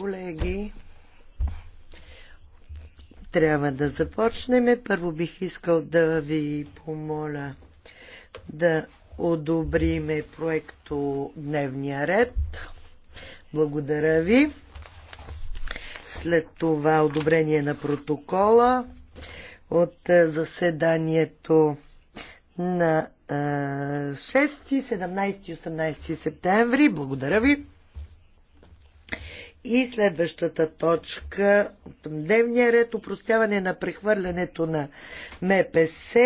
Колеги, трябва да започнем. Първо бих искал да ви помоля да одобриме проекто Дневния ред. Благодаря ви. След това одобрение на протокола от заседанието на 6, 17 и 18 септември. Благодаря ви. И следващата точка, дневния ред, упростяване на прехвърлянето на МПС,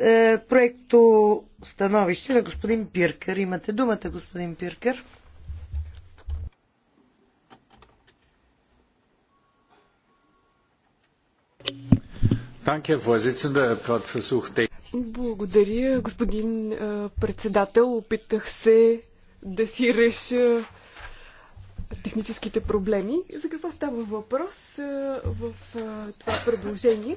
е, проекто становище на господин Пиркър. Имате думата, господин Пиркър. Er Благодаря, господин председател. Опитах се да си реша техническите проблеми. За какво става въпрос в това предложение?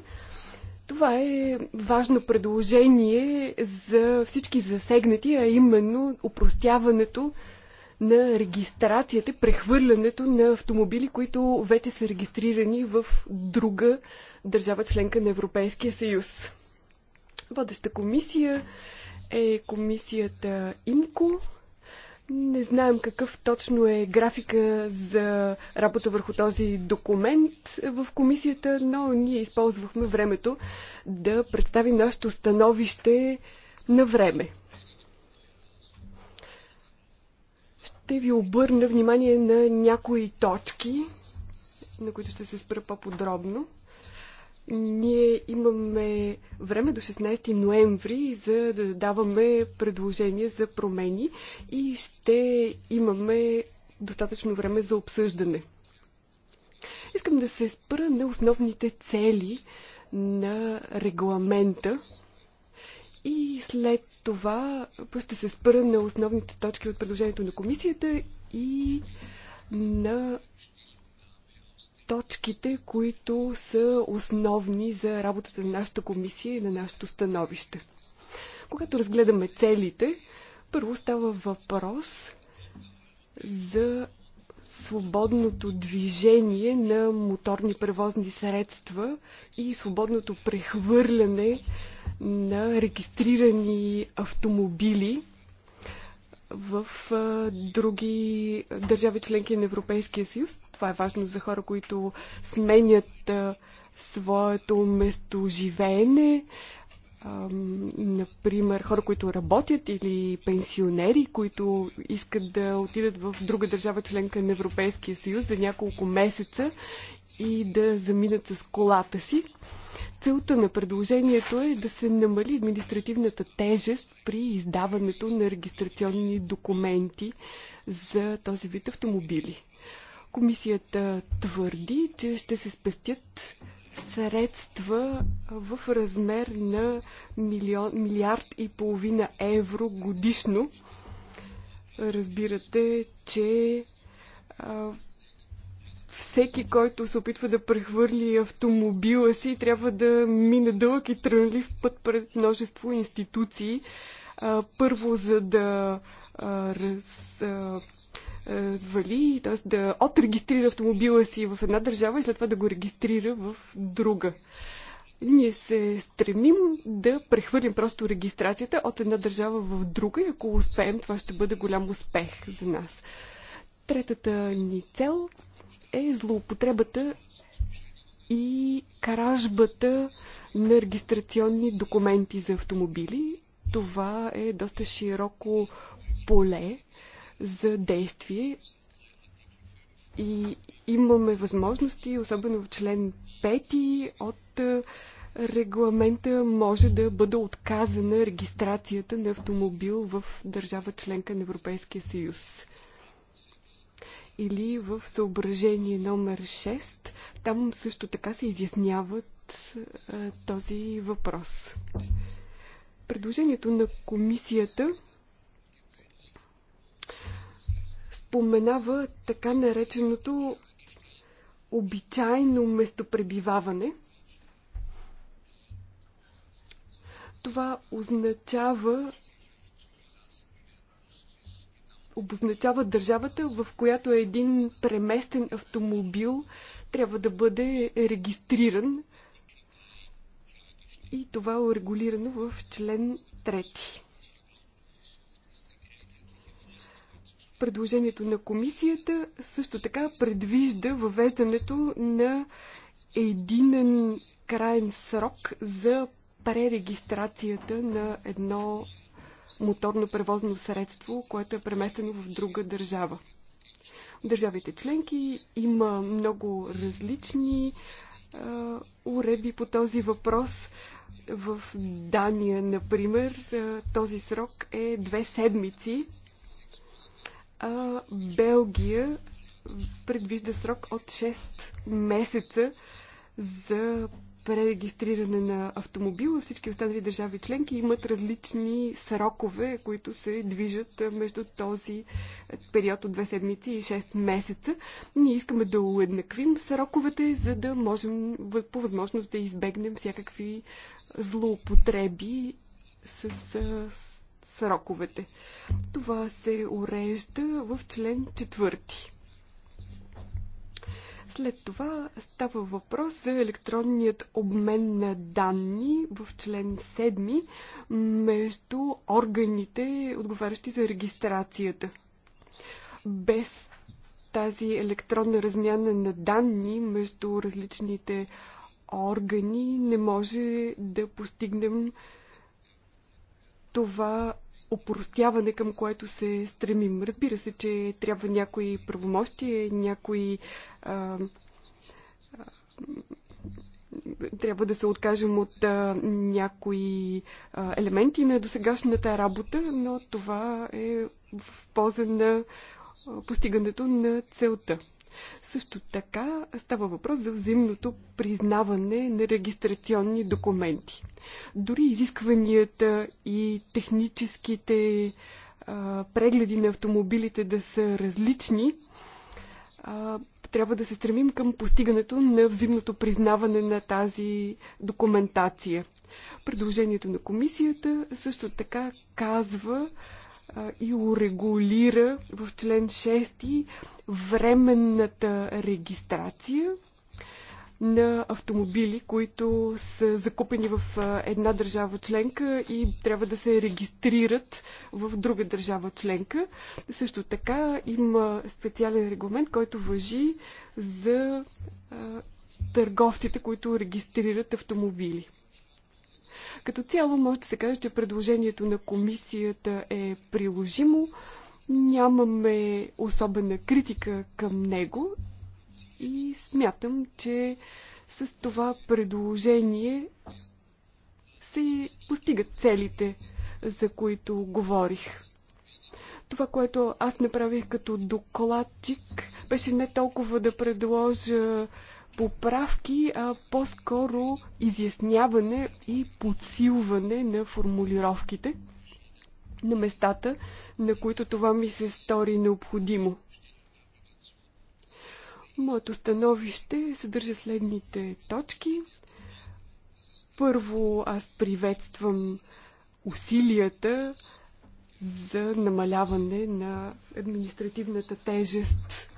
Това е важно предложение за всички засегнати, а именно упростяването на регистрацията, прехвърлянето на автомобили, които вече са регистрирани в друга държава членка на Европейския съюз. Водеща комисия е комисията ИМКО, не знаем какъв точно е графика за работа върху този документ в комисията, но ние използвахме времето да представим нашето становище на време. Ще ви обърна внимание на някои точки, на които ще се спра по-подробно. Ние имаме време до 16 ноември, за да даваме предложения за промени и ще имаме достатъчно време за обсъждане. Искам да се спра на основните цели на регламента и след това ще се спра на основните точки от предложението на комисията и на точките, които са основни за работата на нашата комисия и на нашето становище. Когато разгледаме целите, първо става въпрос за свободното движение на моторни превозни средства и свободното прехвърляне на регистрирани автомобили в а, други държави членки на Европейския съюз. Това е важно за хора, които сменят а, своето местоживеене, например, хора, които работят или пенсионери, които искат да отидат в друга държава членка на Европейския съюз за няколко месеца и да заминат с колата си. Целта на предложението е да се намали административната тежест при издаването на регистрационни документи за този вид автомобили. Комисията твърди, че ще се спестят средства в размер на милион, милиард и половина евро годишно. Разбирате, че а, всеки, който се опитва да прехвърли автомобила си, трябва да мине дълъг и трънлив път пред множество институции. А, първо, за да а, раз, а, вали, т.е. да отрегистрира автомобила си в една държава и след това да го регистрира в друга. Ние се стремим да прехвърлим просто регистрацията от една държава в друга и ако успеем, това ще бъде голям успех за нас. Третата ни цел е злоупотребата и каражбата на регистрационни документи за автомобили. Това е доста широко поле, за действие и имаме възможности, особено в член 5 от е, регламента може да бъде отказана регистрацията на автомобил в държава членка на Европейския съюз. Или в съображение номер 6, там също така се изясняват а, е, този въпрос. Предложението на комисията споменава така нареченото обичайно местопребиваване. Това означава обозначава държавата, в която един преместен автомобил трябва да бъде регистриран. И това е урегулирано в член 3. предложението на комисията също така предвижда въвеждането на единен крайен срок за пререгистрацията на едно моторно превозно средство, което е преместено в друга държава. Държавите членки има много различни е, уреби по този въпрос. В Дания, например, този срок е две седмици а Белгия предвижда срок от 6 месеца за пререгистриране на автомобила. Всички останали държави членки имат различни срокове, които се движат между този период от 2 седмици и 6 месеца. Ние искаме да уеднаквим сроковете, за да можем по възможност да избегнем всякакви злоупотреби с сроковете. Това се урежда в член 4. След това става въпрос за електронният обмен на данни в член 7 между органите, отговарящи за регистрацията. Без тази електронна размяна на данни между различните органи не може да постигнем това опростяване, към което се стремим. Разбира се, че трябва някои правомощия, някои а, трябва да се откажем от а, някои а, елементи на досегашната работа, но това е в полза на а, постигането на целта. Също така става въпрос за взаимното признаване на регистрационни документи. Дори изискванията и техническите а, прегледи на автомобилите да са различни, а, трябва да се стремим към постигането на взаимното признаване на тази документация. Предложението на комисията също така казва, и урегулира в член 6 временната регистрация на автомобили, които са закупени в една държава членка и трябва да се регистрират в друга държава членка. Също така има специален регламент, който въжи за търговците, които регистрират автомобили. Като цяло може да се каже, че предложението на комисията е приложимо. Нямаме особена критика към него и смятам, че с това предложение се постигат целите, за които говорих. Това, което аз направих като докладчик, беше не толкова да предложа поправки, а по-скоро изясняване и подсилване на формулировките на местата, на които това ми се стори необходимо. Моето становище съдържа следните точки. Първо, аз приветствам усилията за намаляване на административната тежест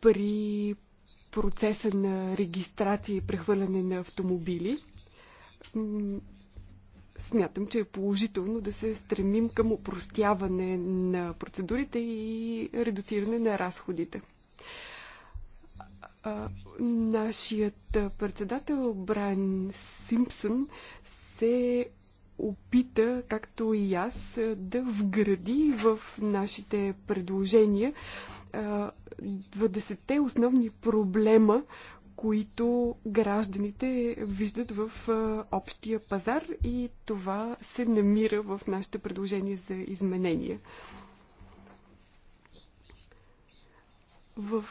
при процеса на регистрация и прехвърляне на автомобили. Смятам, че е положително да се стремим към упростяване на процедурите и редуциране на разходите. Нашият председател Брайан Симпсън се опита, както и аз, да вгради в нашите предложения 20-те основни проблема, които гражданите виждат в общия пазар и това се намира в нашите предложения за изменения. В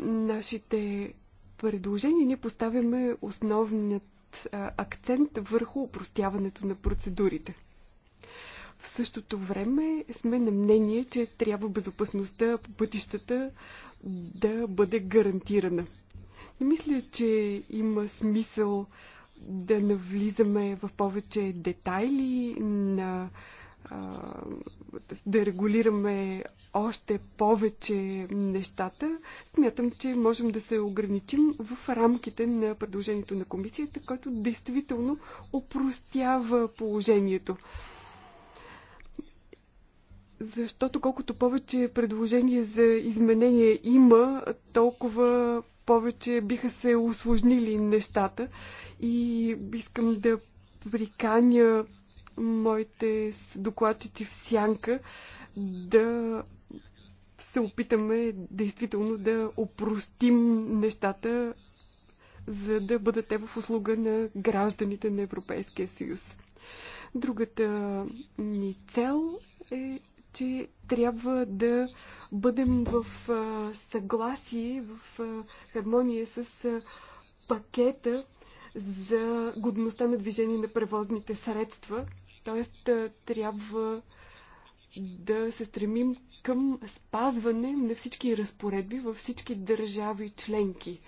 нашите предложения ние поставяме основният акцент върху упростяването на процедурите. В същото време сме на мнение, че трябва безопасността по пътищата да бъде гарантирана. Не мисля, че има смисъл да навлизаме в повече детайли, на, а, да регулираме още повече нещата. Смятам, че можем да се ограничим в рамките на предложението на комисията, което действително опростява положението. Защото колкото повече предложения за изменения има, толкова повече биха се усложнили нещата. И искам да приканя моите докладчици в сянка да се опитаме действително да опростим нещата, за да бъдат те в услуга на гражданите на Европейския съюз. Другата ни цел е че трябва да бъдем в съгласие, в хармония с пакета за годността на движение на превозните средства. Тоест, трябва да се стремим към спазване на всички разпоредби във всички държави членки.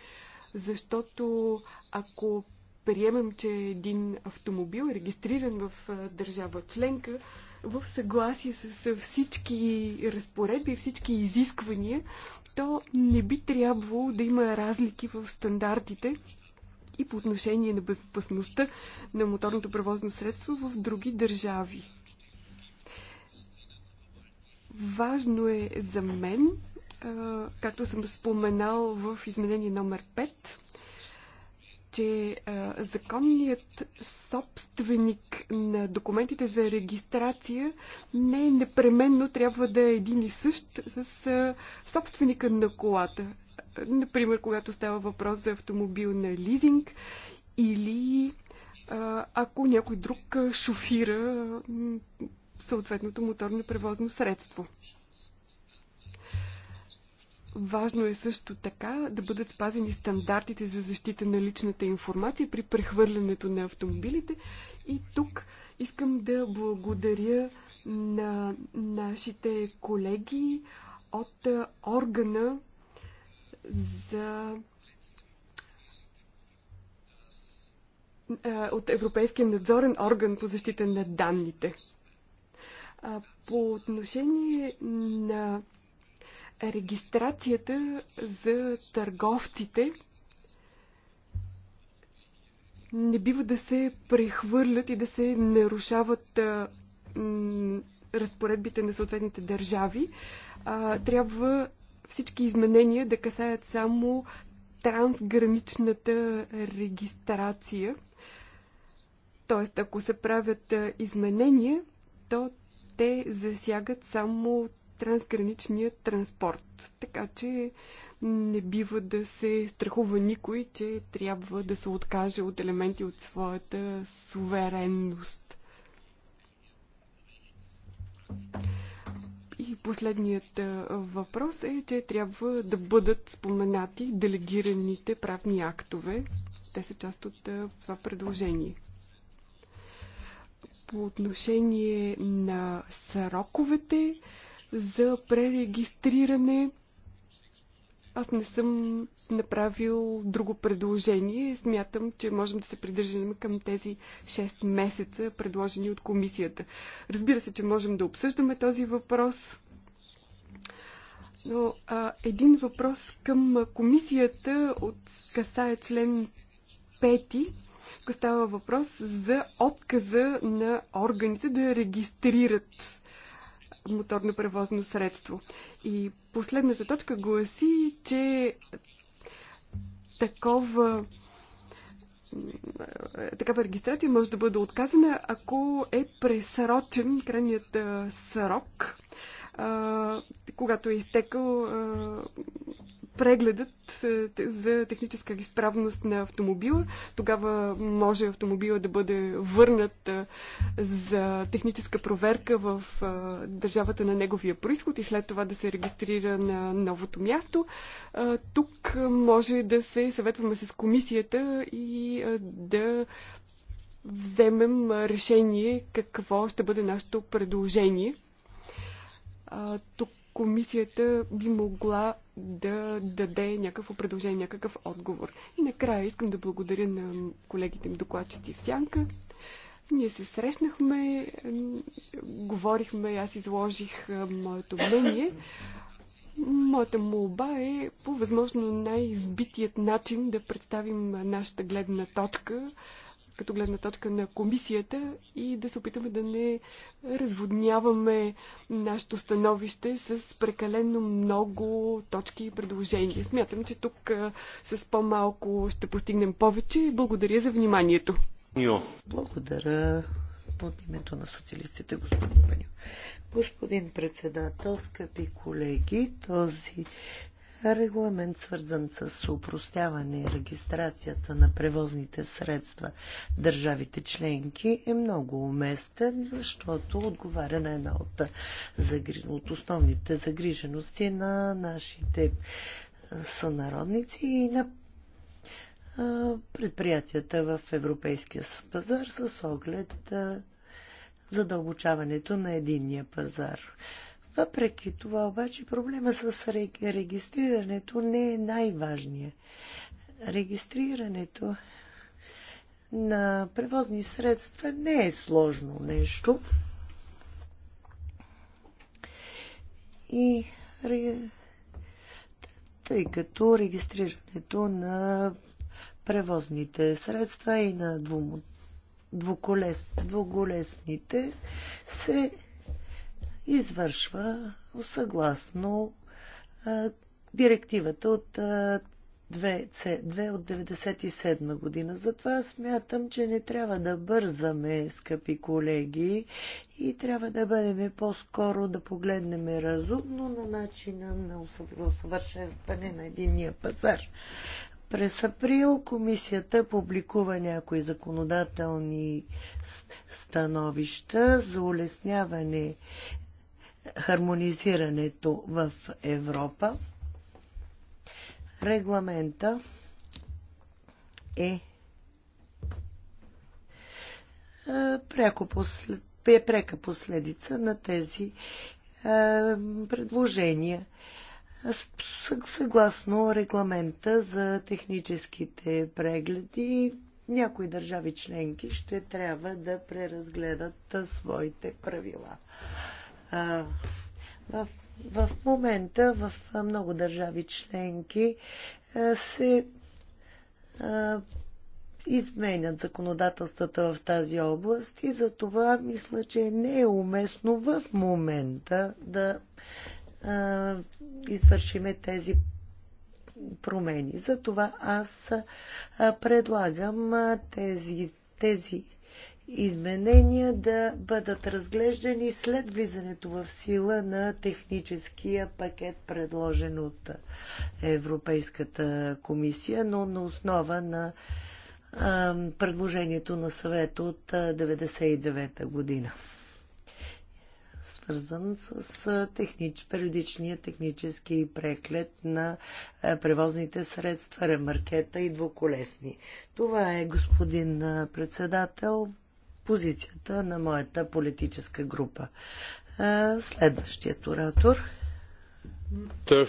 Защото ако приемем, че един автомобил, е регистриран в държава членка, в съгласие с всички разпоредби, всички изисквания, то не би трябвало да има разлики в стандартите и по отношение на безопасността на моторното превозно средство в други държави. Важно е за мен, както съм споменал в изменение номер 5, че а, законният собственик на документите за регистрация не непременно трябва да е един и същ с а, собственика на колата. Например, когато става въпрос за автомобил на лизинг или а, ако някой друг шофира съответното моторно превозно средство. Важно е също така да бъдат спазени стандартите за защита на личната информация при прехвърлянето на автомобилите. И тук искам да благодаря на нашите колеги от органа за от Европейския надзорен орган по защита на данните. По отношение на регистрацията за търговците не бива да се прехвърлят и да се нарушават а, разпоредбите на съответните държави. А, трябва всички изменения да касаят само трансграничната регистрация. Тоест, ако се правят изменения, то те засягат само Трансграничният транспорт. Така че не бива да се страхува никой, че трябва да се откаже от елементи от своята суверенност. И последният въпрос е, че трябва да бъдат споменати делегираните правни актове. Те са част от това предложение. По отношение на сроковете, за пререгистриране. Аз не съм направил друго предложение. Смятам, че можем да се придържаме към тези 6 месеца, предложени от комисията. Разбира се, че можем да обсъждаме този въпрос. Но а, един въпрос към комисията от касае член 5 става въпрос за отказа на органите да регистрират моторно превозно средство. И последната точка гласи, че такова такава регистрация може да бъде отказана, ако е пресрочен крайният срок, когато е изтекал прегледът е, за техническа изправност на автомобила. Тогава може автомобила да бъде върнат е, за техническа проверка в е, държавата на неговия происход и след това да се регистрира на новото място. Тук може да се съветваме с комисията и да вземем решение какво ще бъде нашето предложение. Тук комисията би могла да даде някакво предложение, някакъв отговор. И накрая искам да благодаря на колегите ми докладчици в Сянка. Ние се срещнахме, говорихме, аз изложих моето мнение. Моята молба е по възможно най-избитият начин да представим нашата гледна точка като гледна точка на комисията и да се опитаме да не разводняваме нашето становище с прекалено много точки и предложения. Смятам, че тук с по-малко ще постигнем повече. Благодаря за вниманието. Благодаря от името на социалистите, господин Паню. Господин председател, скъпи колеги, този регламент, свързан с упростяване и регистрацията на превозните средства държавите членки, е много уместен, защото отговаря на една от, от основните загрижености на нашите сънародници и на предприятията в европейския пазар с оглед задълбочаването на единния пазар. Въпреки това обаче проблема с регистрирането не е най-важният. Регистрирането на превозни средства не е сложно нещо. И тъй като регистрирането на превозните средства и на двуколесните се извършва съгласно а, директивата от 2C2 от 1997 година. Затова смятам, че не трябва да бързаме, скъпи колеги, и трябва да бъдем по-скоро да погледнем разумно на начина на усъвършенстване на единния пазар. През април комисията публикува някои законодателни становища за улесняване хармонизирането в Европа. Регламента е е прека последица на тези предложения. Съгласно регламента за техническите прегледи, някои държави членки ще трябва да преразгледат своите правила. В, в момента в много държави членки се изменят законодателствата в тази област и за това мисля, че не е уместно в момента да а, извършиме тези промени. Затова аз а, предлагам а, тези, тези изменения да бъдат разглеждани след влизането в сила на техническия пакет, предложен от Европейската комисия, но на основа на предложението на съвет от 1999 година свързан с технич, периодичния технически преглед на превозните средства, ремаркета и двуколесни. Това е, господин председател позицията на моята политическа група. Следващият оратор.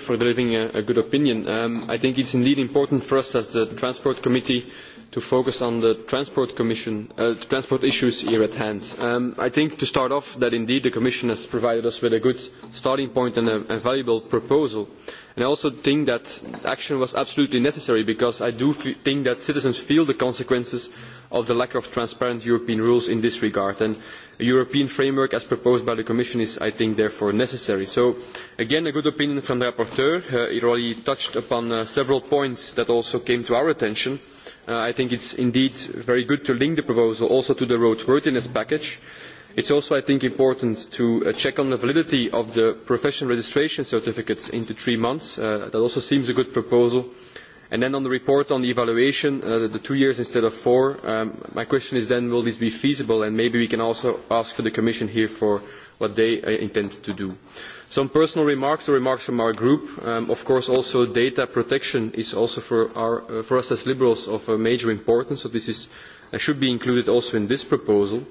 For delivering a good opinion. Um, I think it's indeed important for us as the Transport Committee uh, to focus on the transport commission uh, transport issues here at hand. Um, I think to start off that indeed the commission has provided us with a good starting point and a, a valuable proposal. And I also think that action was absolutely necessary because I do f think that citizens feel the consequences of the lack of transparent European rules in this regard. And a European framework as proposed by the Commission is, I think, therefore necessary. So, again, a good opinion from the rapporteur. Uh, it already touched upon uh, several points that also came to our attention. I think it's indeed very good to link the proposal also to the roadworthiness package. It's also, I think, important to check on the validity of the professional registration certificates into three months. that also seems a good proposal. And then on the report on the evaluation, the two years instead of four, my question is then, will this be feasible? And maybe we can also ask for the Commission here for what they intend to do. Some personal remarks or remarks from our group. of course, also data protection is also for, our, for us as liberals of major importance, so this is, should be included also in this proposal.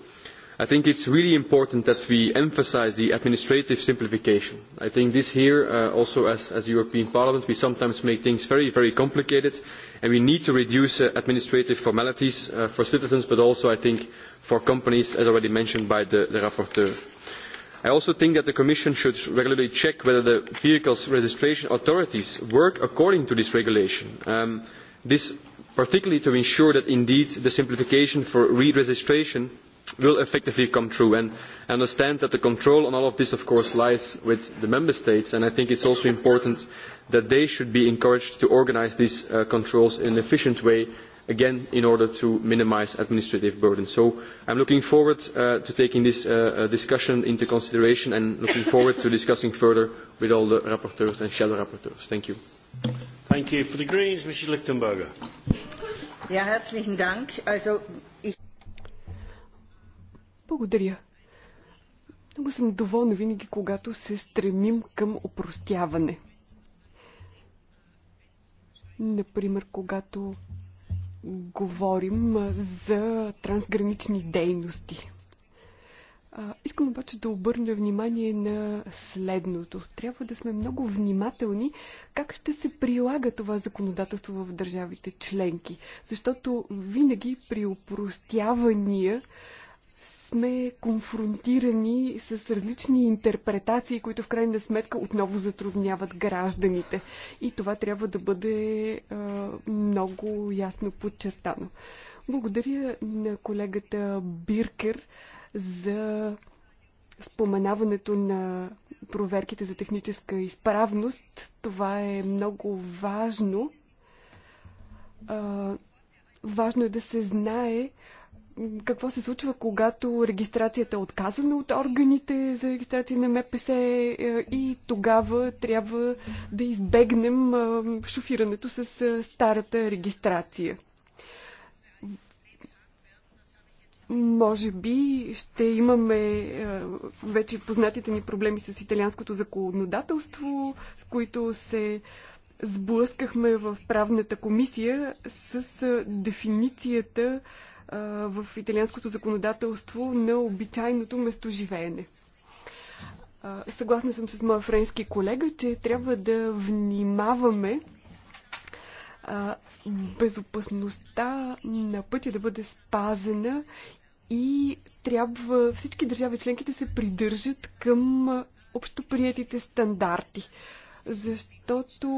I think it's really important that we emphasise the administrative simplification. I think this here, also as, as European Parliament, we sometimes make things very, very complicated, and we need to reduce administrative formalities for citizens, but also, I think, for companies, as already mentioned by the, rapporteur. I also think that the Commission should regularly check whether the vehicle's registration authorities work according to this regulation. this particularly to ensure that indeed the simplification for re-registration will effectively come true. And I understand that the control on all of this, of course, lies with the Member States, and I think it's also important that they should be encouraged to organise these controls in an efficient way again, in order to minimise administrative burden. So I am looking forward to taking this discussion into consideration and looking forward to discussing further with all the rapporteurs and shadow rapporteurs. Thank you. Thank you. For the Greens, Mrs. Lichtenberger. Ja, herzlichen Dank. Also ich Благодаря. Много съм доволна винаги, когато се стремим към опростяване. Например, когато говорим за трансгранични дейности. Искам обаче да обърна внимание на следното. Трябва да сме много внимателни как ще се прилага това законодателство в държавите членки. Защото винаги при упростявания сме конфронтирани с различни интерпретации, които в крайна сметка отново затрудняват гражданите. И това трябва да бъде а, много ясно подчертано. Благодаря на колегата Биркер за споменаването на проверките за техническа изправност. Това е много важно. А, важно е да се знае, какво се случва, когато регистрацията е отказана от органите за регистрация на МПС е, и тогава трябва да избегнем шофирането с старата регистрация. Може би ще имаме вече познатите ни проблеми с италианското законодателство, с които се сблъскахме в правната комисия с дефиницията в италианското законодателство на обичайното местоживеене. Съгласна съм с моя френски колега, че трябва да внимаваме безопасността на пътя да бъде спазена и трябва всички държави членки да се придържат към общоприятите стандарти защото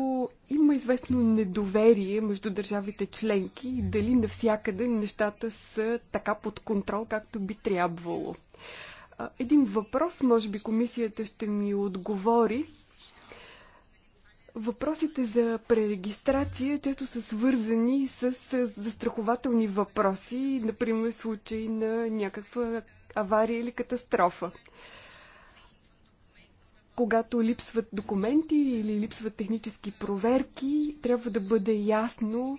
има известно недоверие между държавите членки и дали навсякъде нещата са така под контрол, както би трябвало. Един въпрос, може би комисията ще ми отговори. Въпросите за пререгистрация често са свързани с застрахователни въпроси, например случай на някаква авария или катастрофа когато липсват документи или липсват технически проверки, трябва да бъде ясно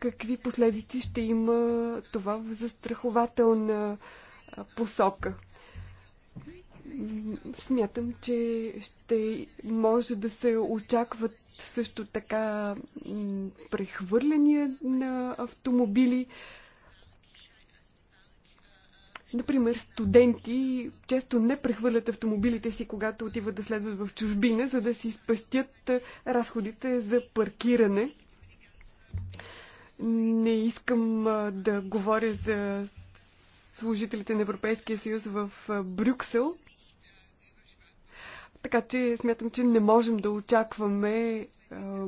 какви последици ще има това в застрахователна посока. Смятам, че ще може да се очакват също така прехвърляния на автомобили. Например, студенти често не прехвърлят автомобилите си, когато отиват да следват в чужбина, за да си спастят разходите за паркиране. Не искам да говоря за служителите на Европейския съюз в Брюксел. Така че смятам, че не можем да очакваме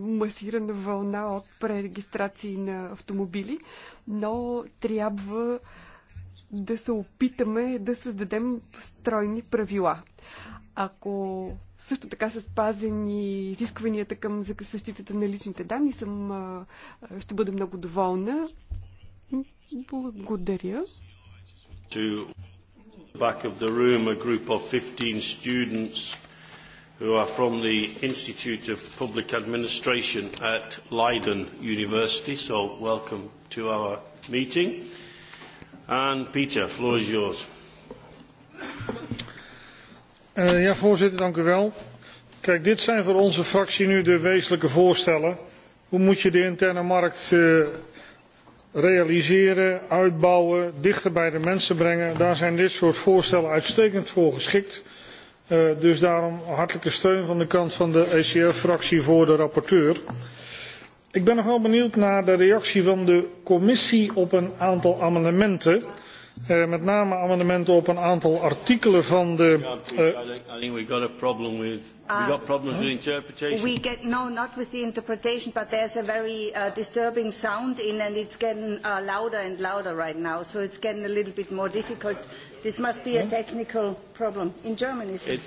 масирана вълна от пререгистрации на автомобили, но трябва да се опитаме да създадем стройни правила. Ако също така са спазени изискванията към защитата на личните данни, съм, ще бъда много доволна. Благодаря. To back of the room, a group of 15 students who are from the Institute of Public Administration at Leiden University. So welcome to our meeting. And Peter, floor is yours. Uh, ja, voorzitter, dank u wel. Kijk, dit zijn voor onze fractie nu de wezenlijke voorstellen. Hoe moet je de interne markt uh, realiseren, uitbouwen, dichter bij de mensen brengen? Daar zijn dit soort voorstellen uitstekend voor geschikt. Uh, dus daarom hartelijke steun van de kant van de ECF-fractie voor de rapporteur. Uh, Ik ben nog wel benieuwd naar de reactie van de commissie op een aantal amendementen. met name amendementen op een aantal artikelen van de. I think we got a problem with. We got problems with interpretation. We get no, not with the interpretation, but there's a very uh, disturbing sound in, and it's getting uh, louder and louder right now. So it's getting a little bit more difficult. This must be a technical problem in Germany. is it?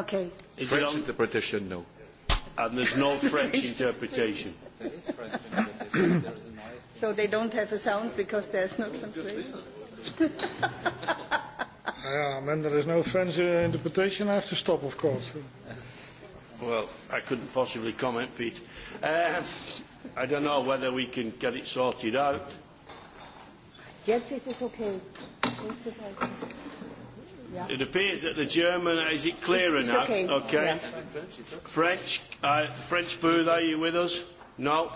Okay. French interpretation, no And there's no French interpretation. There is French interpretation. There's a noise. So they don't have a sound because there's no translation. yeah, and then there is no French interpretation. I have to stop, of course. Well, I couldn't possibly comment, Pete. Uh, I don't know whether we can get it sorted out. Yes, this is okay. It appears that the German is it clear it's, enough? okay. okay. French, uh, French booth, are you with us? No.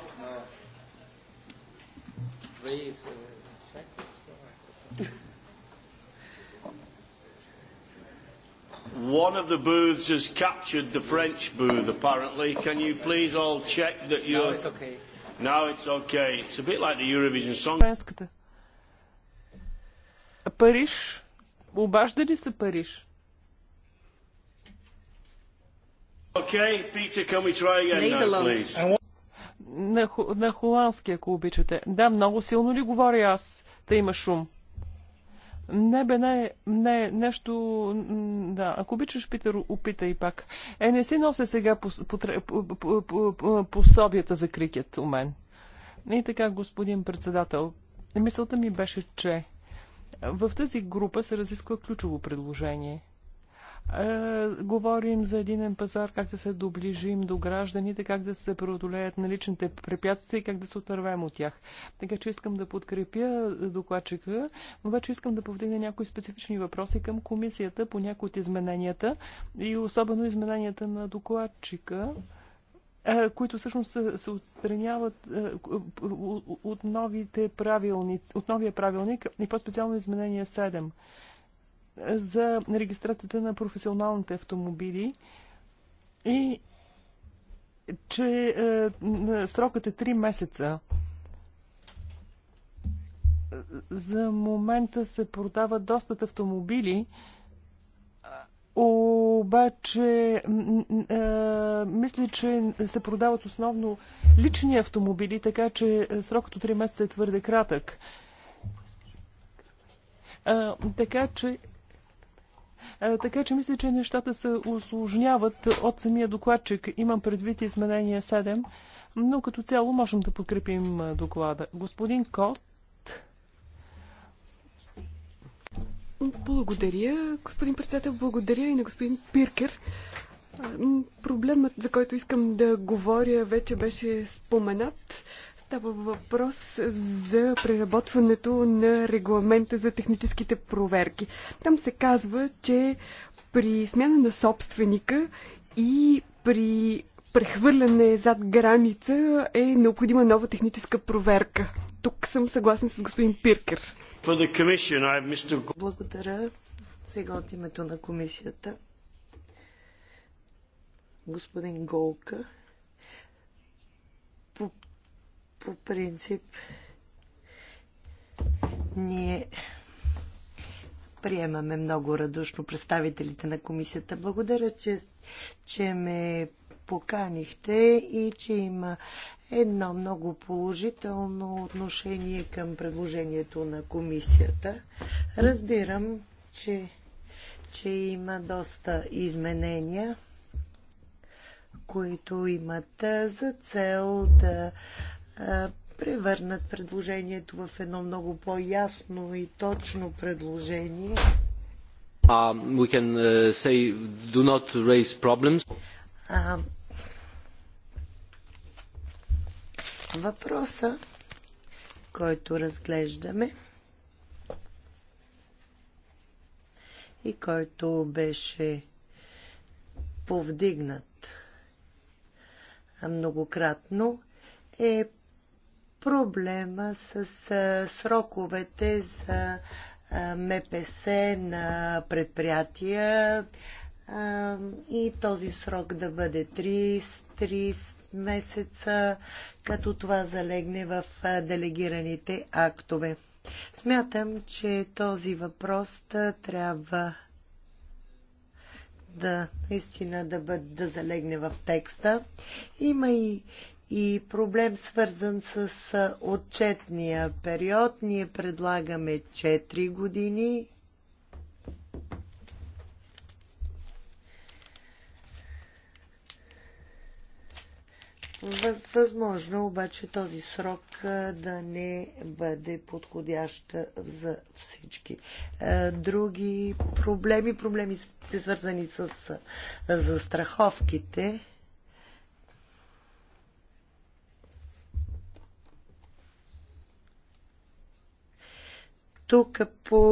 One of the booths has captured the French booth, apparently. Can you please all check that you're. No, it's okay. No, it's okay. It's a bit like the Eurovision song. Paris. Обажда ли се Париж? Okay, Peter, can we try again No, На, на холандски, ако обичате. Да, много силно ли говоря аз? Та има шум. Не, бе, не, не, нещо... Да, ако обичаш, Питър, опитай пак. Е, не си нося сега пособията за крикет у мен. И така, господин председател, мисълта ми беше, че в тази група се разисква ключово предложение. Е, говорим за единен пазар, как да се доближим до гражданите, как да се преодолеят наличните препятствия и как да се отървем от тях. Така че искам да подкрепя докладчика, обаче искам да повдигна някои специфични въпроси към комисията по някои от измененията и особено измененията на докладчика които всъщност се, се отстраняват от, новите правилници, от новия правилник и по-специално изменение 7 за регистрацията на професионалните автомобили и че е, срокът е 3 месеца. За момента се продават доста автомобили, обаче мисля, че се продават основно лични автомобили, така че срокът от 3 месеца е твърде кратък. Така че така че мисля, че нещата се осложняват от самия докладчик. Имам предвид изменение 7, но като цяло можем да подкрепим доклада. Господин Кот Благодаря, господин председател. Благодаря и на господин Пиркер. Проблемът, за който искам да говоря, вече беше споменат. Става въпрос за преработването на регламента за техническите проверки. Там се казва, че при смяна на собственика и при прехвърляне зад граница е необходима нова техническа проверка. Тук съм съгласен с господин Пиркер. Благодаря. Сега от името на комисията. Господин Голка. По, по принцип ние приемаме много радушно представителите на комисията. Благодаря, че, че ме поканихте и че има едно много положително отношение към предложението на комисията. Разбирам, че, че има доста изменения, които имат за цел да превърнат предложението в едно много по-ясно и точно предложение. Um, we can uh, say do not raise problems. Uh, Въпроса, който разглеждаме и който беше повдигнат многократно, е проблема с сроковете за МПС на предприятия и този срок да бъде 30, 30 месеца, като това залегне в делегираните актове. Смятам, че този въпрос трябва да наистина да, бъде, да залегне в текста. Има и, и проблем свързан с отчетния период. Ние предлагаме 4 години Възможно обаче този срок да не бъде подходящ за всички. Други проблеми, проблеми свързани с застраховките. Тук по,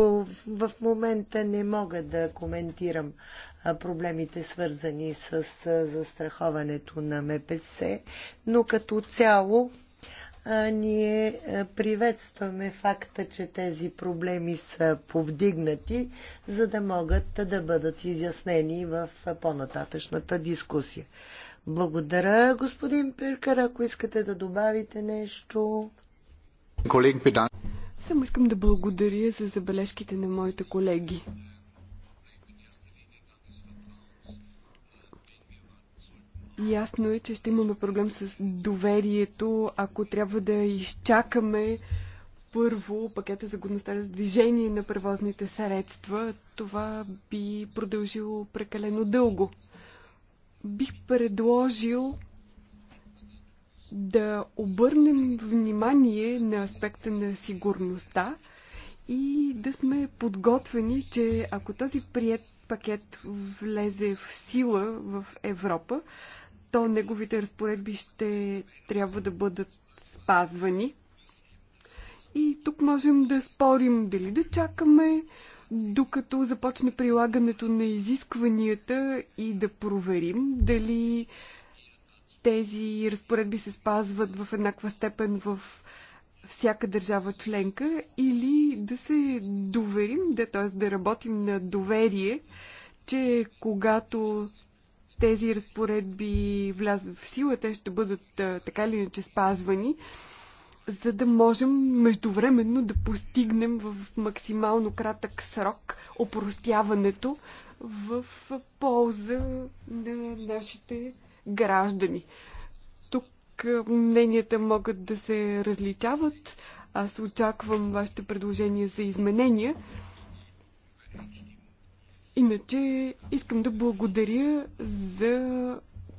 в момента не мога да коментирам проблемите свързани с застраховането на МПС, но като цяло ние приветстваме факта, че тези проблеми са повдигнати, за да могат да бъдат изяснени в по-нататъчната дискусия. Благодаря, господин Пиркър. Ако искате да добавите нещо. Само искам да благодаря за забележките на моите колеги. Ясно е, че ще имаме проблем с доверието, ако трябва да изчакаме първо пакета за годността за движение на превозните средства. Това би продължило прекалено дълго. Бих предложил да обърнем внимание на аспекта на сигурността и да сме подготвени, че ако този прият пакет влезе в сила в Европа, то неговите разпоредби ще трябва да бъдат спазвани. И тук можем да спорим дали да чакаме, докато започне прилагането на изискванията и да проверим дали тези разпоредби се спазват в еднаква степен в всяка държава членка или да се доверим, да, т.е. да работим на доверие, че когато тези разпоредби влязат в сила, те ще бъдат така или иначе спазвани, за да можем междувременно да постигнем в максимално кратък срок опростяването в полза на нашите граждани. Тук мненията могат да се различават. Аз очаквам вашите предложения за изменения. Иначе искам да благодаря за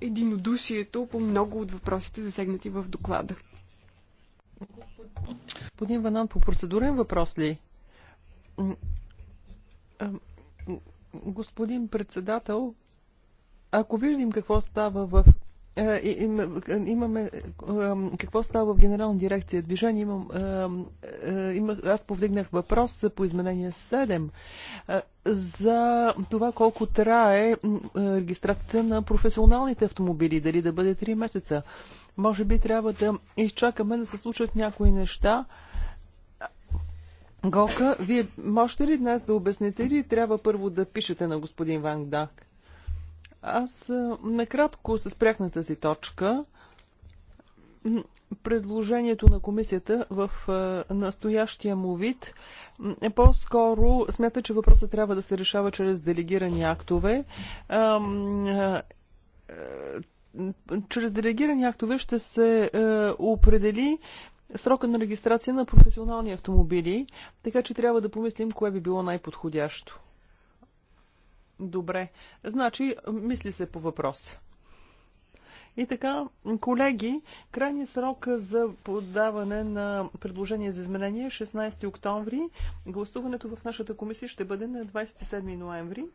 единодушието по много от въпросите засегнати в доклада. Господин Ванан, по процедурен въпрос ли? Господин председател, ако виждам какво става в е, имаме какво става в Генерална дирекция движение. Имам, е, има, аз повдигнах въпрос по изменение 7 е, за това колко трае регистрацията на професионалните автомобили, дали да бъде 3 месеца. Може би трябва да изчакаме да се случат някои неща. Голка, вие можете ли днес да обясните ли трябва първо да пишете на господин Ван Дак? Аз накратко се спрях на тази точка. Предложението на комисията в настоящия му вид е по-скоро смята, че въпросът трябва да се решава чрез делегирани актове чрез делегирани актове ще се определи срока на регистрация на професионални автомобили, така че трябва да помислим кое би било най-подходящо. Добре. Значи, мисли се по въпрос. И така, колеги, крайния срок за подаване на предложение за изменение е 16 октомври. Гласуването в нашата комисия ще бъде на 27 ноември.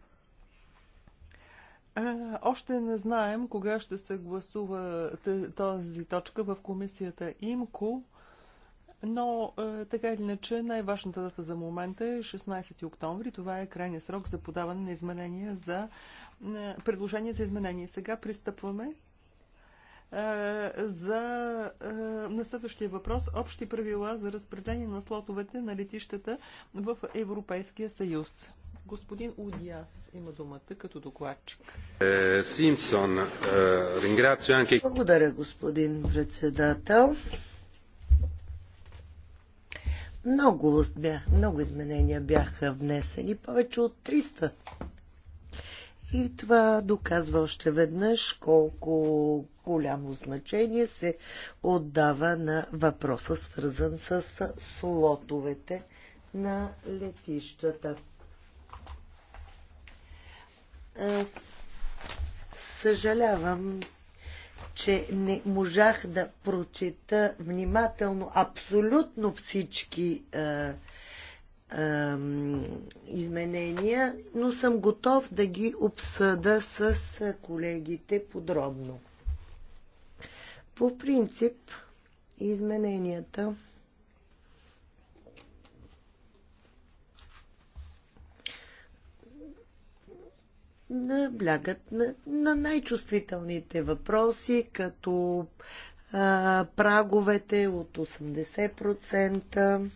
Е, още не знаем кога ще се гласува тази точка в комисията ИМКО. Но е, така или иначе най-важната дата за момента е 16 октомври. Това е крайния срок за подаване на изменения за е, предложение за изменение. Сега пристъпваме е, за на следващия въпрос общи правила за разпределение на слотовете на летищата в Европейския съюз. Господин Удиас има думата като докладчик. Симпсон, Благодаря, господин председател. Много, бях, много изменения бяха внесени, повече от 300. И това доказва още веднъж колко голямо значение се отдава на въпроса, свързан с слотовете на летищата. Аз съжалявам, че не можах да прочета внимателно абсолютно всички е, е, изменения, но съм готов да ги обсъда с е, колегите подробно. По принцип, измененията наблягат на, на най-чувствителните въпроси, като а, праговете от 80%,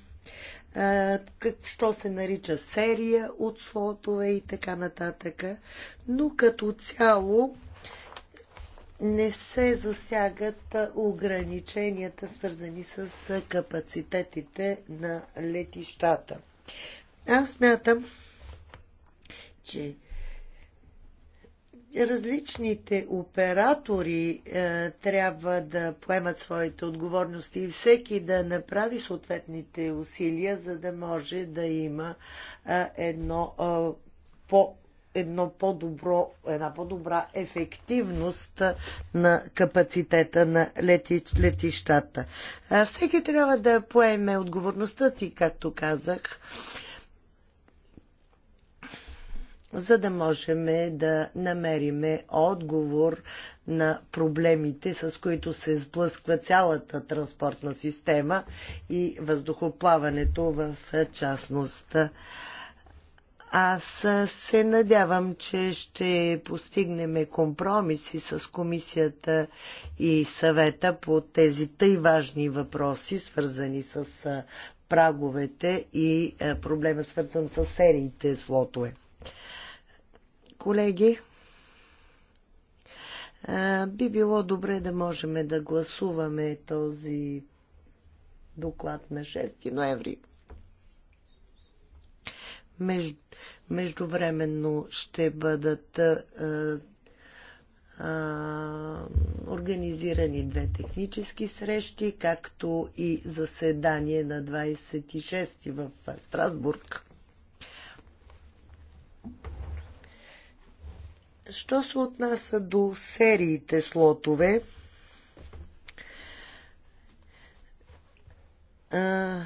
а, как, що се нарича серия от слотове и така нататък. Но като цяло не се засягат ограниченията, свързани с капацитетите на летищата. Аз мятам, че различните оператори е, трябва да поемат своите отговорности и всеки да направи съответните усилия, за да може да има е, едно, е, по, едно по-добро, една по-добра ефективност на капацитета на лети, летищата. Е, всеки трябва да поеме отговорността ти, както казах. Е, за да можем да намериме отговор на проблемите, с които се сблъсква цялата транспортна система и въздухоплаването в частност. Аз се надявам, че ще постигнем компромиси с комисията и съвета по тези тъй важни въпроси, свързани с праговете и е, проблема свързан с сериите слотове. Колеги, би било добре да можем да гласуваме този доклад на 6 ноември. междувременно ще бъдат а, а, организирани две технически срещи, както и заседание на 26 в Страсбург. Що се отнася до сериите слотове, а,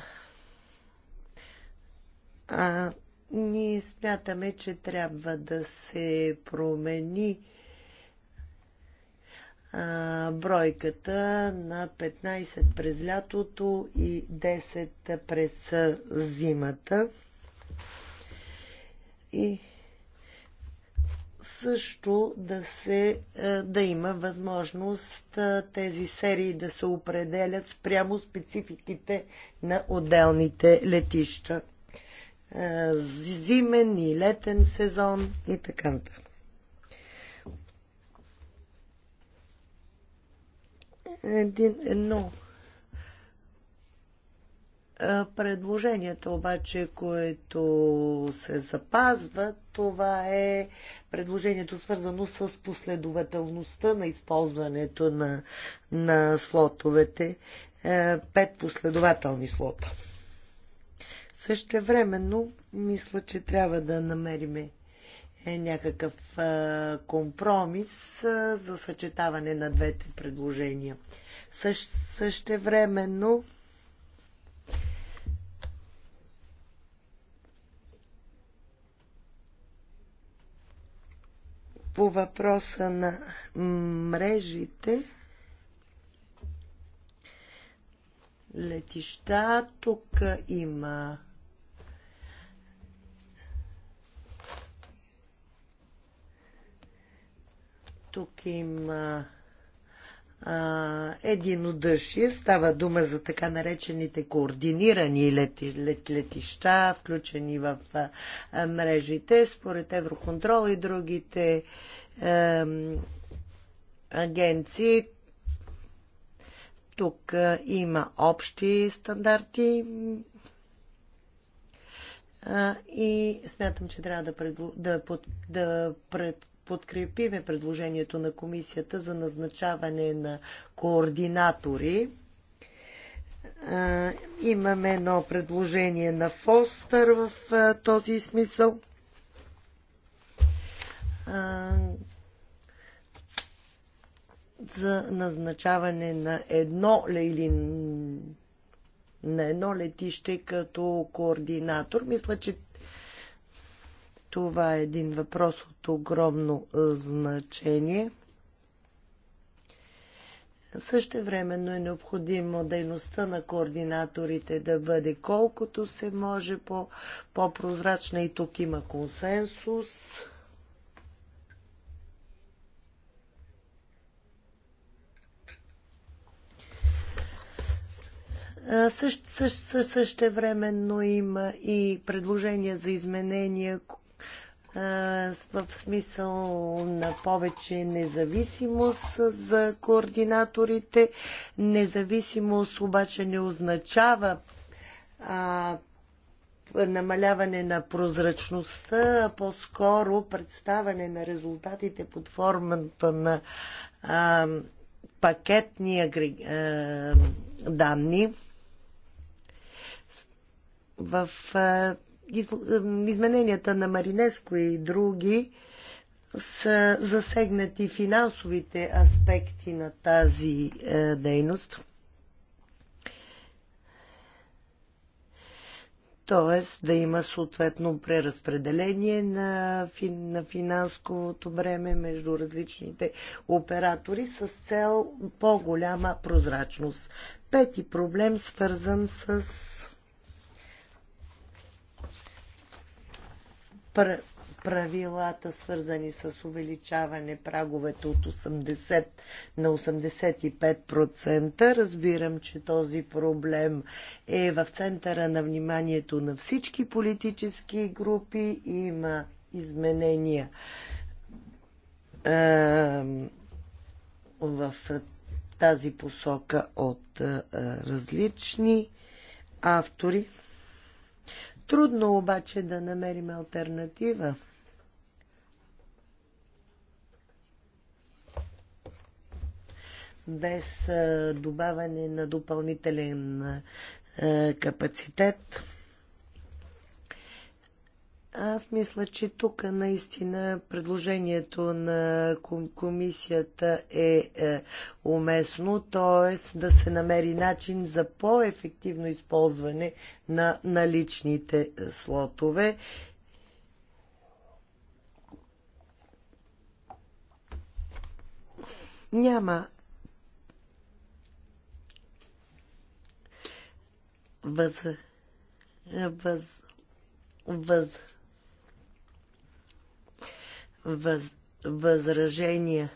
а, ние смятаме, че трябва да се промени а, бройката на 15 през лятото и 10 през зимата. И също да, се, е, да има възможност е, тези серии да се определят спрямо спецификите на отделните летища. Е, зимен и летен сезон и така нататък. Един, едно е, предложението обаче, което се запазва, това е предложението свързано с последователността на използването на, на слотовете. Е, пет последователни слота. Същевременно, мисля, че трябва да намериме някакъв е, компромис за съчетаване на двете предложения. Същ, същевременно, По въпроса на мрежите, летища, тук има тук има а, единодушие. Става дума за така наречените координирани лети, лет, летища, включени в а, мрежите, според Евроконтрол и другите а, агенции. Тук а, има общи стандарти а, и смятам, че трябва да, предло... да, под... да пред подкрепиме предложението на комисията за назначаване на координатори. Имаме едно предложение на Фостър в този смисъл. За назначаване на едно или на едно летище като координатор. Мисля, че това е един въпрос от огромно значение. Също времено е необходимо дейността на координаторите да бъде колкото се може по, по-прозрачна и тук има консенсус. Също, също, същевременно има и предложения за изменения, в смисъл на повече независимост за координаторите. Независимост обаче не означава а, намаляване на прозрачността, а по-скоро представане на резултатите под формата на а, пакетни а, данни в а, измененията на Маринеско и други са засегнати финансовите аспекти на тази е, дейност. Тоест да има съответно преразпределение на, фин, на финансовото бреме между различните оператори с цел по-голяма прозрачност. Пети проблем свързан с правилата, свързани с увеличаване праговете от 80 на 85%. Разбирам, че този проблем е в центъра на вниманието на всички политически групи и има изменения в тази посока от различни автори. Трудно обаче да намерим альтернатива. Без добавяне на допълнителен капацитет. Аз мисля, че тук наистина предложението на комисията е, е уместно, т.е. да се намери начин за по-ефективно използване на наличните е, слотове. Няма въз, въз, въз, въз, възражения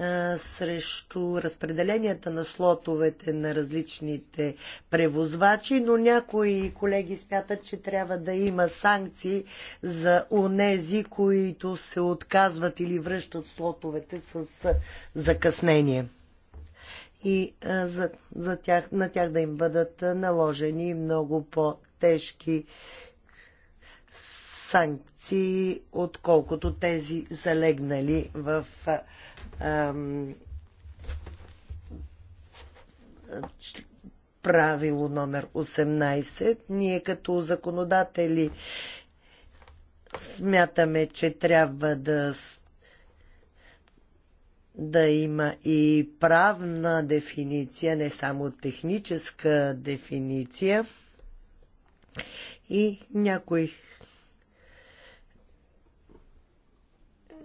а, срещу разпределенията на слотовете на различните превозвачи, но някои колеги смятат, че трябва да има санкции за онези, които се отказват или връщат слотовете с закъснение и а, за, за тях, на тях да им бъдат наложени много по-тежки санкции, отколкото тези залегнали в ам, правило номер 18. Ние като законодатели смятаме, че трябва да да има и правна дефиниция, не само техническа дефиниция и някои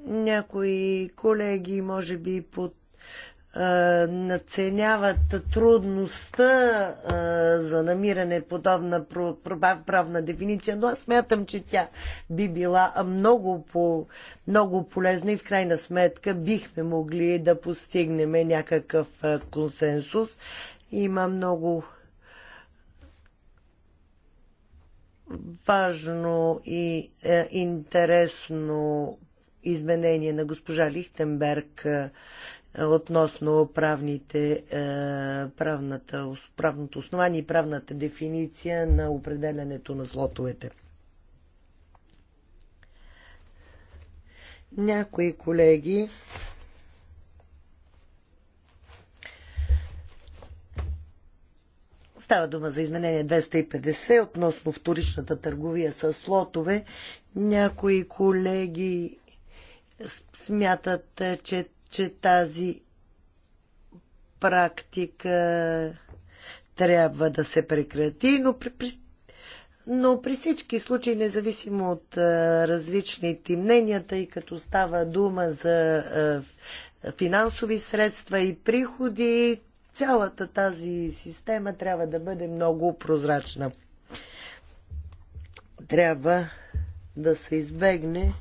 Някои колеги, може би, под наценяват трудността а, за намиране подобна правна дефиниция, но аз смятам, че тя би била много, по, много полезна и в крайна сметка бихме могли да постигнем някакъв консенсус. Има много важно и е, интересно изменение на госпожа Лихтенберг е, относно правните, е, правната, правното основание и правната дефиниция на определянето на слотовете. Някои колеги Става дума за изменение 250 относно вторичната търговия с лотове. Някои колеги смятат, е, че, че тази практика трябва да се прекрати, но при, при, но при всички случаи, независимо от а, е, различните мнения, тъй като става дума за а, е, финансови средства и приходи, цялата тази система трябва да бъде много прозрачна. Трябва да се избегне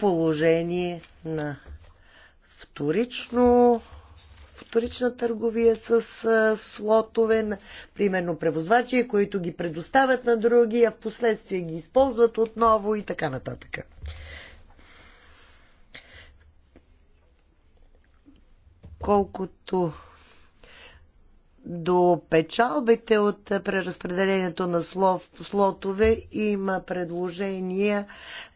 положение на вторично вторична търговия с а, слотове, на, примерно превозвачи, които ги предоставят на други, а в последствие ги използват отново и така нататък. Колкото до печалбите от преразпределението на слов, слотове има предложения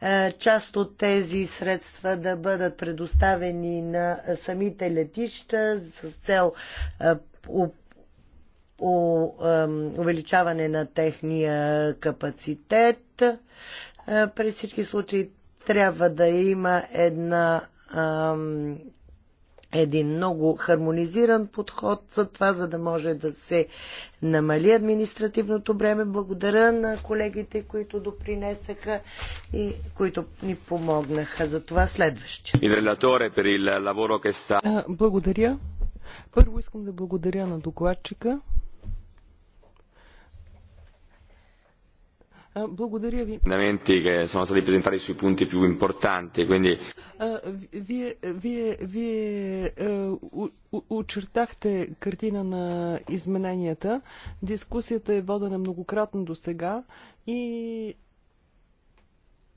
е, част от тези средства да бъдат предоставени на самите летища с цел е, увеличаване на техния капацитет. Е, при всички случаи трябва да има една един много хармонизиран подход за това, за да може да се намали административното бреме. Благодаря на колегите, които допринесаха и които ни помогнаха за това следващия. Благодаря. Първо искам да благодаря на докладчика. Благодаря ви. Вие, вие, вие очертахте картина на измененията. Дискусията е водена многократно до сега и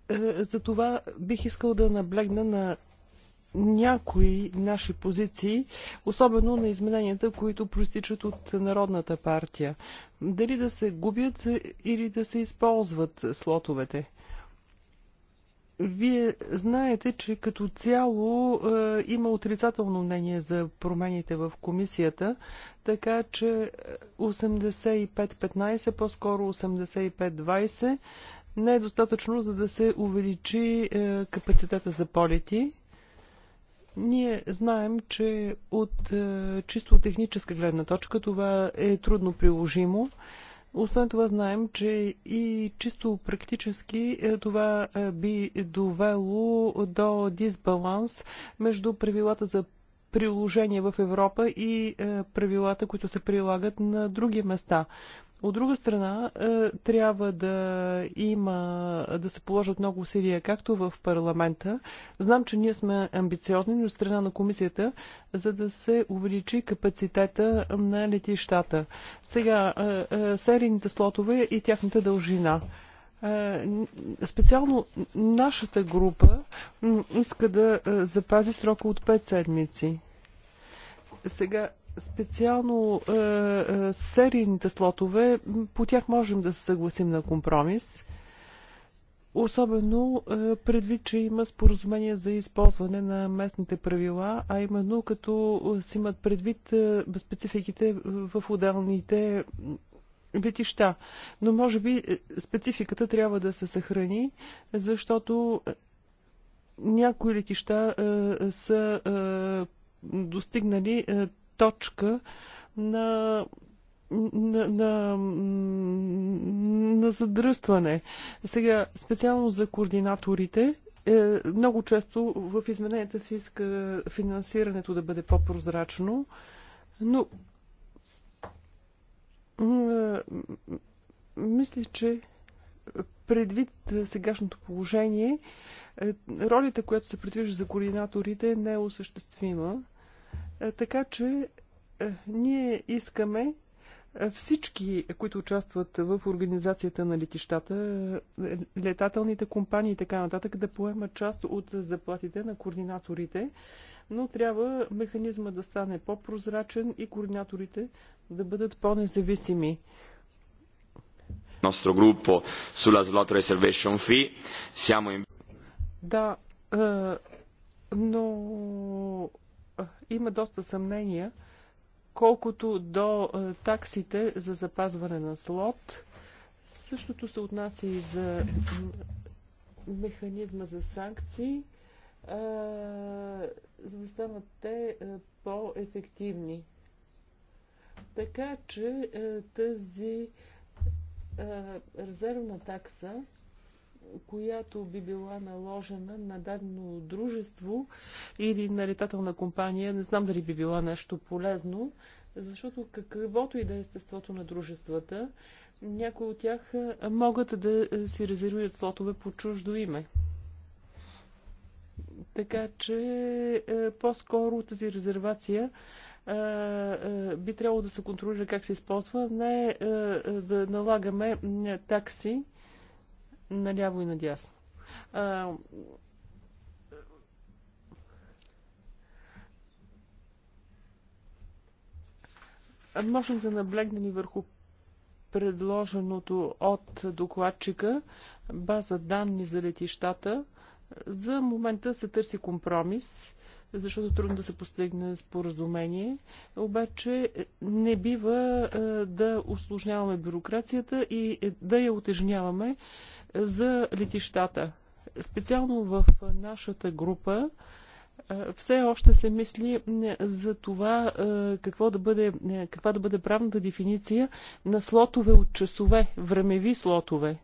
е, за това бих искал да наблегна на някои наши позиции, особено на измененията, които проистичат от Народната партия. Дали да се губят или да се използват слотовете. Вие знаете, че като цяло е, има отрицателно мнение за промените в комисията, така че 85-15, по-скоро 85-20 не е достатъчно, за да се увеличи е, капацитета за полети. Ние знаем, че от е, чисто техническа гледна точка това е трудно приложимо. Освен това знаем, че и чисто практически е, това е, би довело до дисбаланс между правилата за приложение в Европа и правилата, които се прилагат на други места. От друга страна, е, трябва да има, да се положат много усилия, както в парламента. Знам, че ние сме амбициозни, но страна на комисията, за да се увеличи капацитета на летищата. Сега, е, е, серийните слотове и тяхната дължина специално нашата група иска да запази срока от 5 седмици. Сега Специално е, е, серийните слотове, по тях можем да се съгласим на компромис. Особено е, предвид, че има споразумение за използване на местните правила, а именно като си имат предвид е, спецификите в отделните летища. Но може би е, спецификата трябва да се съхрани, защото някои летища е, са е, достигнали е, точка на на, на, на задръстване. Сега, специално за координаторите, е, много често в измененията се иска финансирането да бъде по-прозрачно, но мисля, че предвид сегашното положение, е, ролята, която се предвижда за координаторите, не е осъществима. Е, така че е, ние искаме е, всички, които участват в организацията на летищата, летателните компании и така нататък, да поемат част от заплатите на координаторите, но трябва механизма да стане по-прозрачен и координаторите да бъдат по-независими. Nostro gruppo sulla slot reservation fee siamo in... Да, но има доста съмнения, колкото до е, таксите за запазване на слот. Същото се отнася и за механизма за санкции, е, за да станат те е, по-ефективни. Така че тази резервна такса която би била наложена на дадено дружество или на летателна компания, не знам дали би била нещо полезно, защото каквото и да е естеството на дружествата, някои от тях могат да си резервират слотове по чуждо име. Така че по-скоро тази резервация би трябвало да се контролира как се използва, не да налагаме такси наляво и надясно. А, можем да наблегнем и върху предложеното от докладчика база данни за летищата. За момента се търси компромис защото е трудно да се постигне споразумение. Обаче не бива е, да осложняваме бюрокрацията и е, да я отежняваме за летищата. Специално в нашата група все още се мисли за това какво да бъде, каква да бъде правната дефиниция на слотове от часове, времеви слотове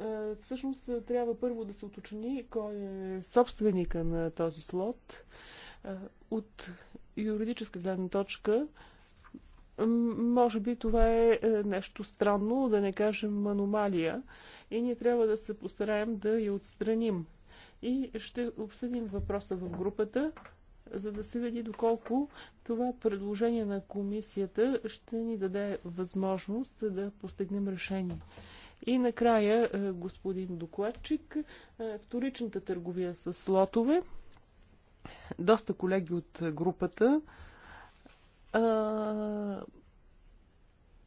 е, всъщност е, трябва първо да се уточни кой е собственика на този слот. Е, от юридическа гледна точка, може би това е нещо странно, да не кажем аномалия, и ние трябва да се постараем да я отстраним. И ще обсъдим въпроса в групата, за да се види доколко това предложение на комисията ще ни даде възможност да постигнем решение. И накрая, е, господин докладчик, е, вторичната търговия с слотове. Доста колеги от групата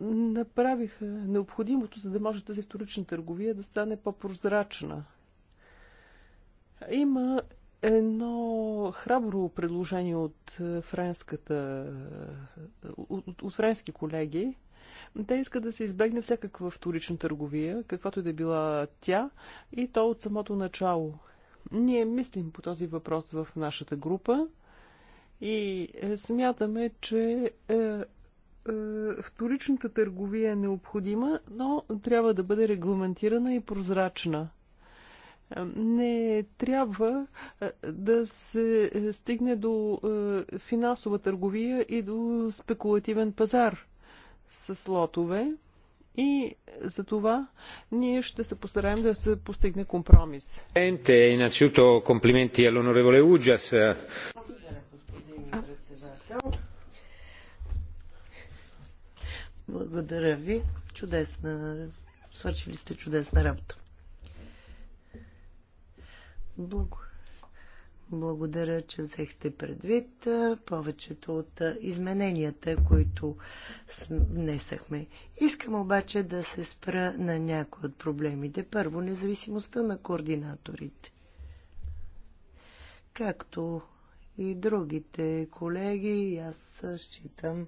направиха необходимото, за да може тази вторична търговия да стане по-прозрачна. Има едно храбро предложение от е, френската от, от френски колеги, те искат да се избегне всякаква вторична търговия, каквато и да е била тя, и то от самото начало. Ние мислим по този въпрос в нашата група и е, смятаме, че е, вторичната търговия е необходима, но трябва да бъде регламентирана и прозрачна. Не трябва да се стигне до финансова търговия и до спекулативен пазар с лотове и за това ние ще се постараем да се постигне компромис. Innanzitutto complimenti all'onorevole Ugias. Благодаря ви. Чудесна. Свършили сте чудесна работа. Благодаря. Благодаря, че взехте предвид повечето от измененията, които внесахме. Искам обаче да се спра на някои от проблемите. Първо, независимостта на координаторите. Както и другите колеги. И аз считам,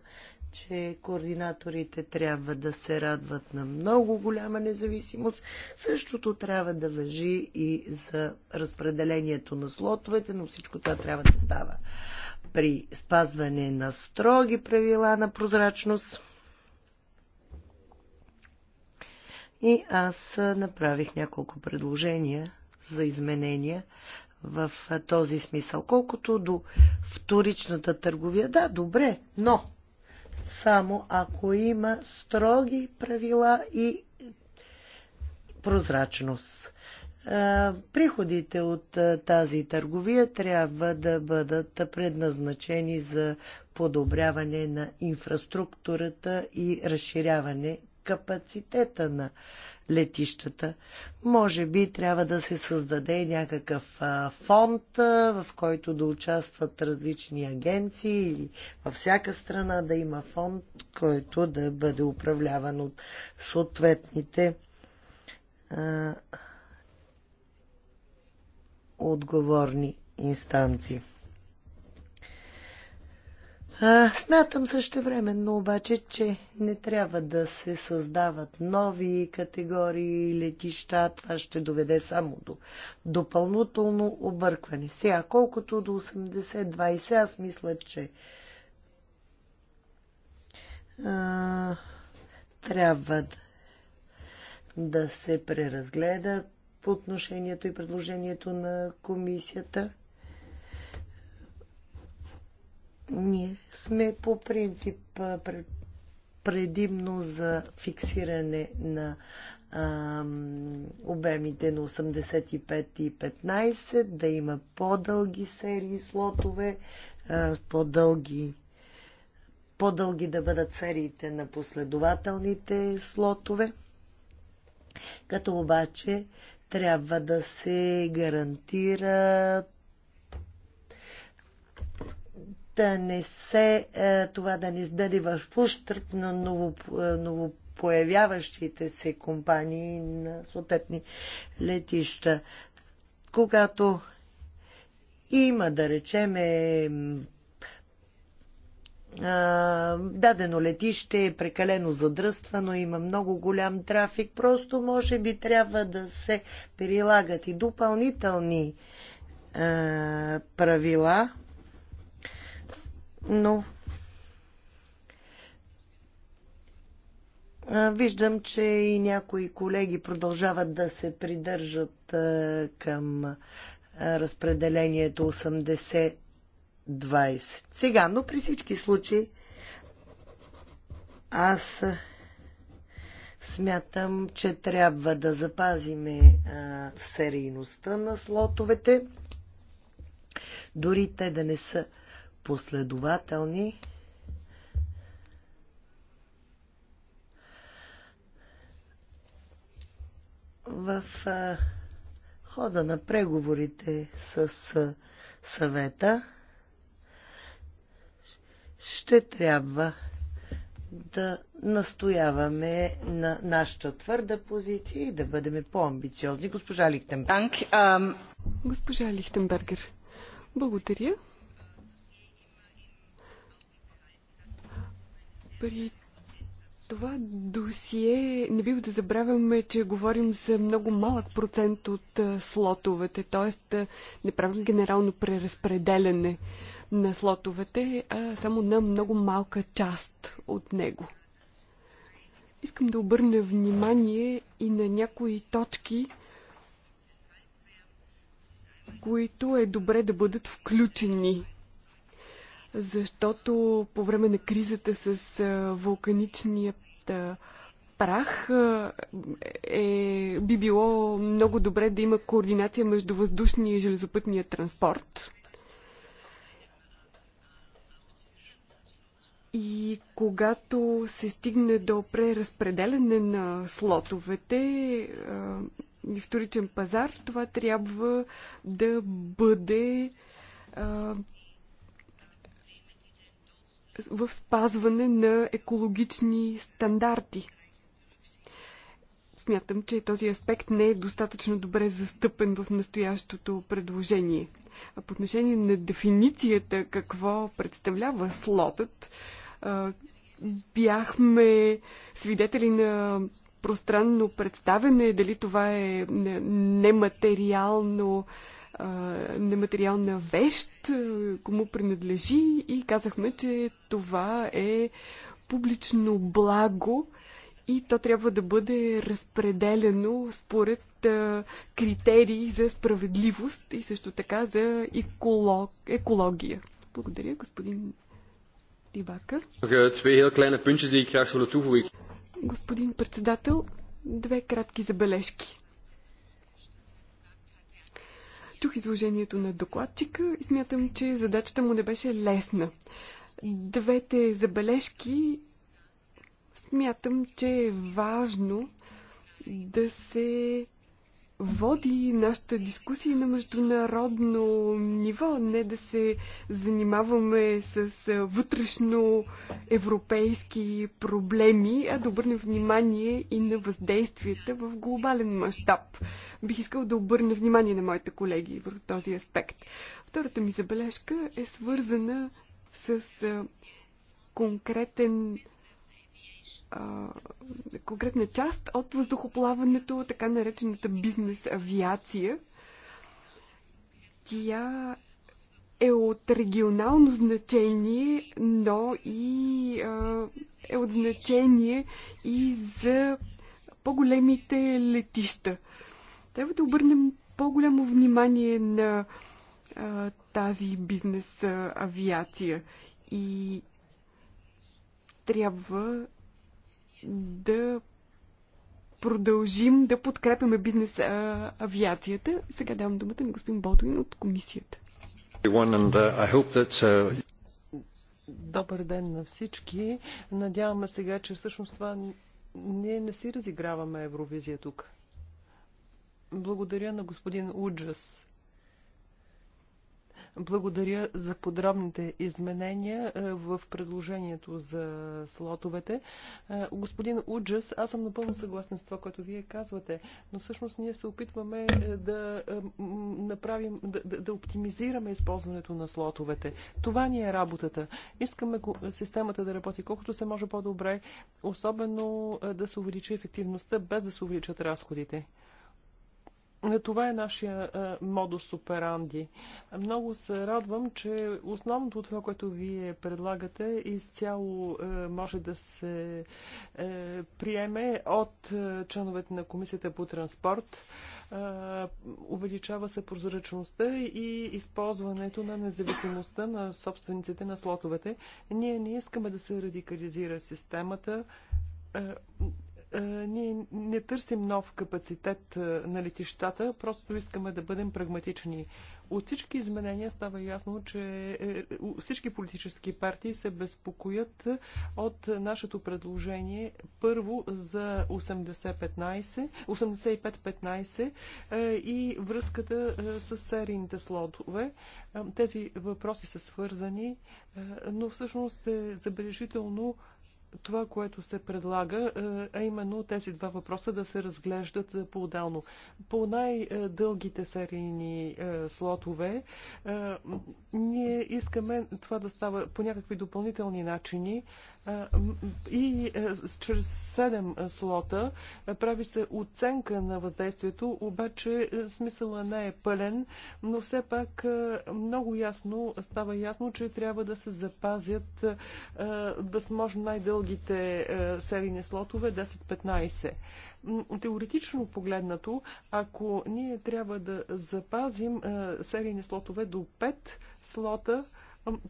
че координаторите трябва да се радват на много голяма независимост. Същото трябва да въжи и за разпределението на слотовете, но всичко това трябва да става при спазване на строги правила на прозрачност. И аз направих няколко предложения за изменения, в този смисъл. Колкото до вторичната търговия, да, добре, но само ако има строги правила и прозрачност. Приходите от тази търговия трябва да бъдат предназначени за подобряване на инфраструктурата и разширяване капацитета на летищата. Може би трябва да се създаде някакъв фонд, в който да участват различни агенции или във всяка страна да има фонд, който да бъде управляван от съответните а, отговорни инстанции. А, смятам също времено обаче, че не трябва да се създават нови категории летища. Това ще доведе само до допълнително объркване. Сега, колкото до 80-20, аз мисля, че а, трябва да, да се преразгледа по отношението и предложението на комисията ние сме по принцип предимно за фиксиране на обемите на 85 и 15, да има по-дълги серии слотове, по-дълги по-дълги да бъдат сериите на последователните слотове, като обаче трябва да се гарантира да не се, е, това да не даде в ущърп на ново, е, новопоявяващите се компании на съответни летища. Когато има, да речеме, е, дадено летище е прекалено задръствано, има много голям трафик, просто може би трябва да се прилагат и допълнителни правила, но Виждам, че и някои колеги продължават да се придържат към разпределението 80-20. Сега, но при всички случаи аз смятам, че трябва да запазиме серийността на слотовете, дори те да не са последователни. В а, хода на преговорите с а, съвета ще трябва да настояваме на нашата твърда позиция и да бъдем по-амбициозни. Госпожа Лихтенбергер. Госпожа Лихтенбергер, благодаря. При това досие не бива да забравяме, че говорим за много малък процент от слотовете, т.е. не правим генерално преразпределяне на слотовете, а само на много малка част от него. Искам да обърна внимание и на някои точки, които е добре да бъдат включени защото по време на кризата с вулканичният прах е, би било много добре да има координация между въздушния и железопътния транспорт. И когато се стигне до преразпределене на слотовете и вторичен пазар, това трябва да бъде в спазване на екологични стандарти. Смятам, че този аспект не е достатъчно добре застъпен в настоящото предложение. А по отношение на дефиницията какво представлява слотът, бяхме свидетели на пространно представене, дали това е нематериално нематериална вещ, кому принадлежи и казахме, че това е публично благо и то трябва да бъде разпределено според а, критерии за справедливост и също така за еколог, екология. Благодаря, господин Дивака. Господин председател, две кратки забележки. Чух изложението на докладчика и смятам, че задачата му не беше лесна. Двете забележки смятам, че е важно да се води нашата дискусия на международно ниво, не да се занимаваме с вътрешно европейски проблеми, а да обърнем внимание и на въздействията в глобален мащаб. Бих искал да обърна внимание на моите колеги върху този аспект. Втората ми забележка е свързана с конкретен а, конкретна част от въздухоплаването, така наречената бизнес авиация. Тя е от регионално значение, но и а, е от значение и за по-големите летища. Трябва да обърнем по-голямо внимание на а, тази бизнес авиация и трябва да продължим да подкрепяме бизнес а, авиацията. Сега давам думата на господин Бодуин от комисията. Uh, uh, Добър ден на всички. Надяваме сега, че всъщност това ние не си разиграваме Евровизия тук. Благодаря на господин Уджас благодаря за подробните изменения е, в предложението за слотовете. Е, господин Уджас, аз съм напълно съгласен с това, което вие казвате, но всъщност ние се опитваме е, да направим, да, да, да оптимизираме използването на слотовете. Това ни е работата. Искаме системата да работи колкото се може по-добре, особено да се увеличи ефективността, без да се увеличат разходите. Това е нашия е, модус операнди. Много се радвам, че основното това, което вие предлагате, изцяло е, може да се е, приеме от членовете на Комисията по транспорт. Увеличава се прозрачността и използването на независимостта на собствениците на слотовете. Ние не искаме да се радикализира системата е, ние не търсим нов капацитет е, на летищата, просто искаме да бъдем прагматични. От всички изменения става ясно, че е, всички политически партии се безпокоят от нашето предложение първо за 85-15 и връзката с серийните слотове. Тези въпроси са свързани, но всъщност е забележително това, което се предлага, е, а именно тези два въпроса да се разглеждат е, по-отдално. По най-дългите серийни е, слотове ние искаме това да става по някакви допълнителни начини и чрез седем слота прави се оценка на въздействието, обаче смисъла не е пълен, но все пак много ясно става ясно, че трябва да се запазят възможно най-дълги дългите е, серийни слотове 10-15. Теоретично погледнато, ако ние трябва да запазим е, серийни слотове до 5 слота,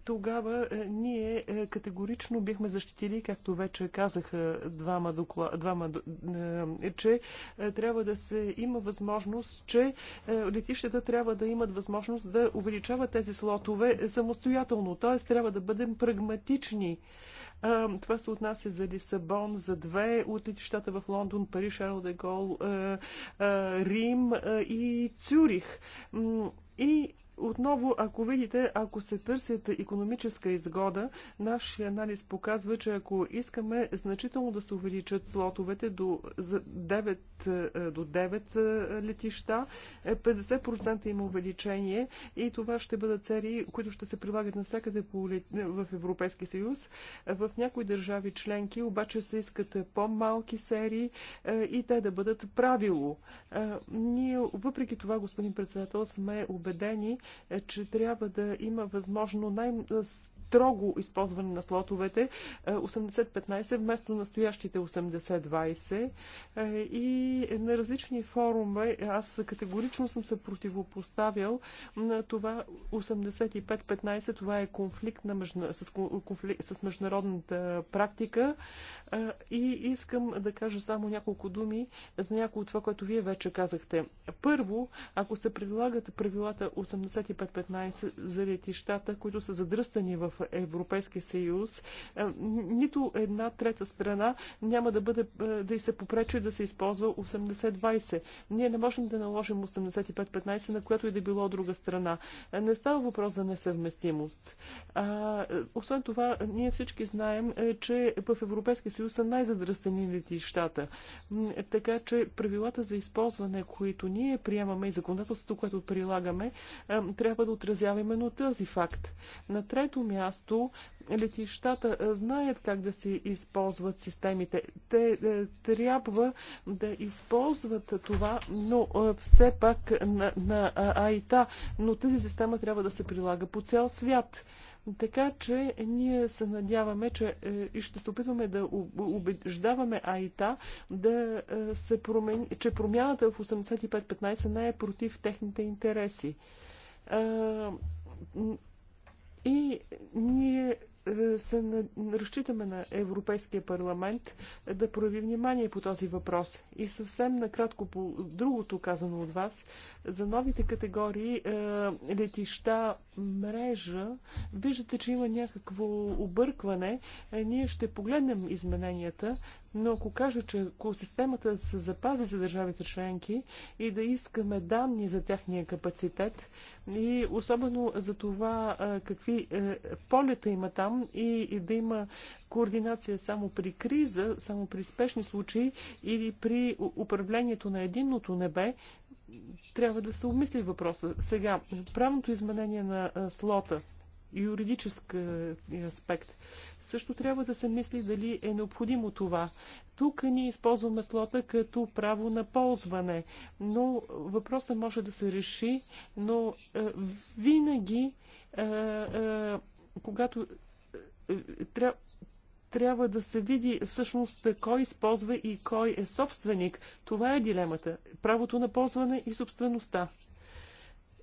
тогава е, ние е, категорично бихме защитили, както вече казаха двама, доклад, двама е, че трябва да се има възможност, че летищата трябва да имат възможност да увеличават тези слотове самостоятелно. Т.е. трябва да бъдем прагматични. Това се отнася за Лисабон, за две от летищата в Лондон, Париж, Шарл де Гол, Рим и Цюрих. И отново, ако видите, ако се търсят економическа изгода, нашия анализ показва, че ако искаме значително да се увеличат слотовете до 9, е, до 9 е, летища, 50% е, има увеличение и това ще бъдат цели, които ще се прилагат навсякъде в Европейски съюз. В някои държави членки обаче се искат по-малки серии и те да бъдат правило. Ние, въпреки това, господин председател, сме убедени, е, че трябва да има възможно най- строго използване на слотовете 80-15 е, вместо настоящите 80-20 е, и на различни форуми аз категорично съм се противопоставял на това 85-15 това е конфликт на междуна... с, конфлик... с международната практика е, и искам да кажа само няколко думи за някои от това, което вие вече казахте. Първо, ако се предлагат правилата 85-15 за летищата, които са задръстани в Европейския съюз, е, нито една трета страна няма да, бъде, е, да и се попречи да се използва 80-20. Ние не можем да наложим 85-15 на която и да било друга страна. Е, не става въпрос за несъвместимост. А, освен това, ние всички знаем, че в Европейския съюз са най-задръстени летищата. Така че правилата за използване, които ние приемаме и законодателството, което прилагаме, трябва да отразява именно този факт. На трето място, място летищата е, знаят как да се използват системите. Те е, трябва да използват това, но е, все пак на, на АИТА, но тази система трябва да се прилага по цял свят. Така че ние се надяваме, че и ще се опитваме да убеждаваме АИТА да се промени, че промяната в 8515 не е против техните интереси и ние е, се разчитаме на Европейския парламент е, да прояви внимание по този въпрос. И съвсем накратко по другото казано от вас, за новите категории е, летища мрежа, виждате, че има някакво объркване. Е, ние ще погледнем измененията, но ако кажа, че ако системата се запази за държавите членки и да искаме данни за тяхния капацитет и особено за това е, какви е, полета има там и, и да има координация само при криза, само при спешни случаи или при управлението на единното небе, трябва да се обмисли въпроса. Сега, правното изменение на слота, юридически е, аспект, също трябва да се мисли дали е необходимо това. Тук ние използваме слота като право на ползване, но въпросът може да се реши, но винаги когато трябва трябва да се види всъщност кой използва и кой е собственик. Това е дилемата. Правото на ползване и собствеността.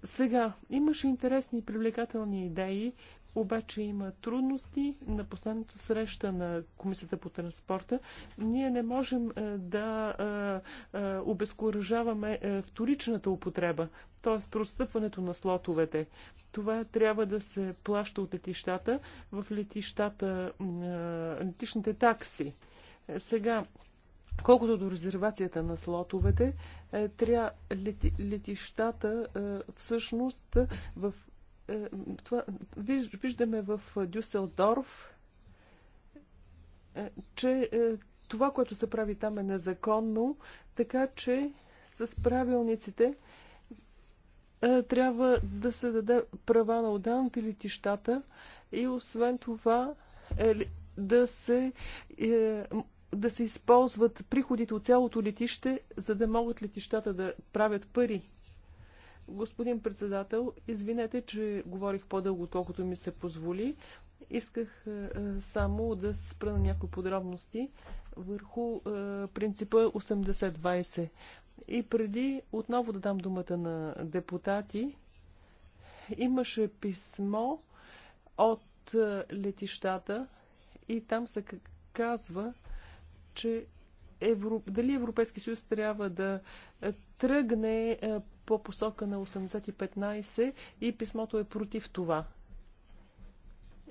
Сега, имаше интересни и привлекателни идеи, обаче има трудности. На последната среща на Комисията по транспорта ние не можем е, да е, е, обезкуражаваме вторичната употреба, т.е. простъпването на слотовете. Това трябва да се плаща от летищата в летищата, летищните такси. Сега, Колкото до резервацията на слотовете, трябва летищата всъщност в е, това, виждаме в Дюселдорф, е, че е, това, което се прави там е незаконно, така че с правилниците трябва да се даде права на отделните летищата и освен това да се да се използват приходите от цялото летище, за да могат летищата да правят пари. Господин председател, извинете, че говорих по-дълго, колкото ми се позволи. Исках е, е, само да спра на някои подробности върху е, принципа 80-20. И преди отново да дам думата на депутати, имаше писмо от летищата и там се казва, че Европ... дали Европейски съюз трябва да тръгне по посока на 80-15 и писмото е против това.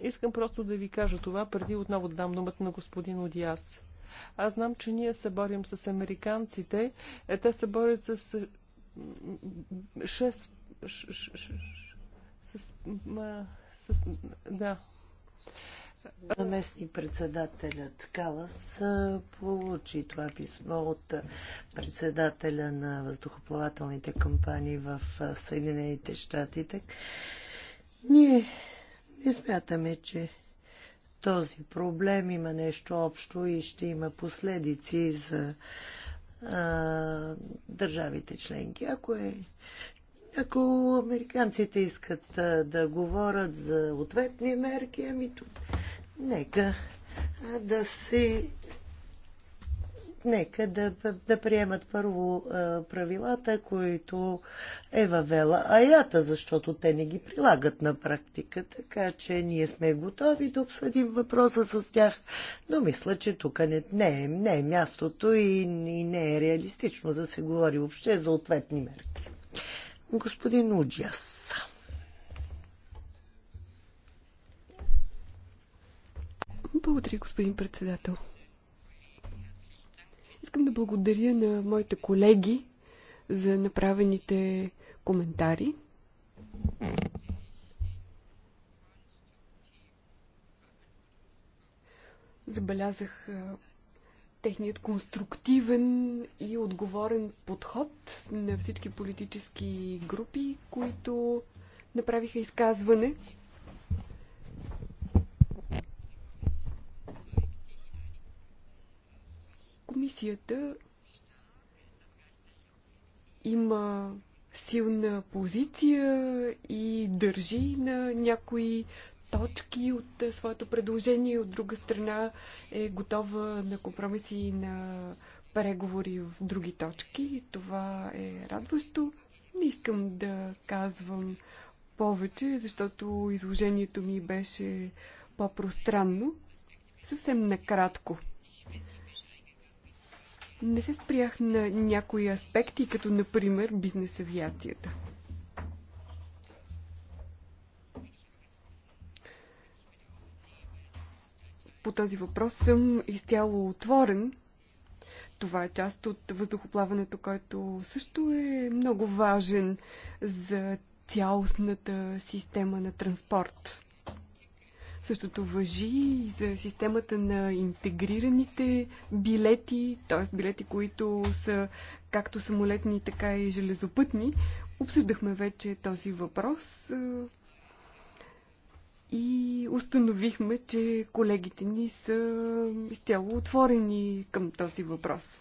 Искам просто да ви кажа това, преди отново да дам думата на господин Одиас. Аз знам, че ние се борим с американците. Е, Те се борят с 6... 6, 6, 6 с, а, с да. Заместник председателят Калас получи това писмо от председателя на въздухоплавателните кампании в Съединените щати. Ние не смятаме, че този проблем има нещо общо и ще има последици за а, държавите членки. Ако е ако американците искат да говорят за ответни мерки, ами тук, нека да си нека да, да приемат първо а, правилата, които е въвела Аята, защото те не ги прилагат на практика. Така че ние сме готови да обсъдим въпроса с тях, но мисля, че тук не, не, е, не е мястото и, и не е реалистично да се говори въобще за ответни мерки. Господин Уджас. Благодаря, господин председател. Искам да благодаря на моите колеги за направените коментари. Забелязах техният конструктивен и отговорен подход на всички политически групи, които направиха изказване. Комисията има силна позиция и държи на някои точки от е, своето предложение, от друга страна е готова на компромиси и на преговори в други точки. Това е радващо. Не искам да казвам повече, защото изложението ми беше по-пространно. Съвсем накратко. Не се спрях на някои аспекти, като например бизнес авиацията. по този въпрос съм изцяло отворен. Това е част от въздухоплаването, който също е много важен за цялостната система на транспорт. Същото въжи и за системата на интегрираните билети, т.е. билети, които са както самолетни, така и железопътни. Обсъждахме вече този въпрос и установихме, че колегите ни са изцяло отворени към този въпрос.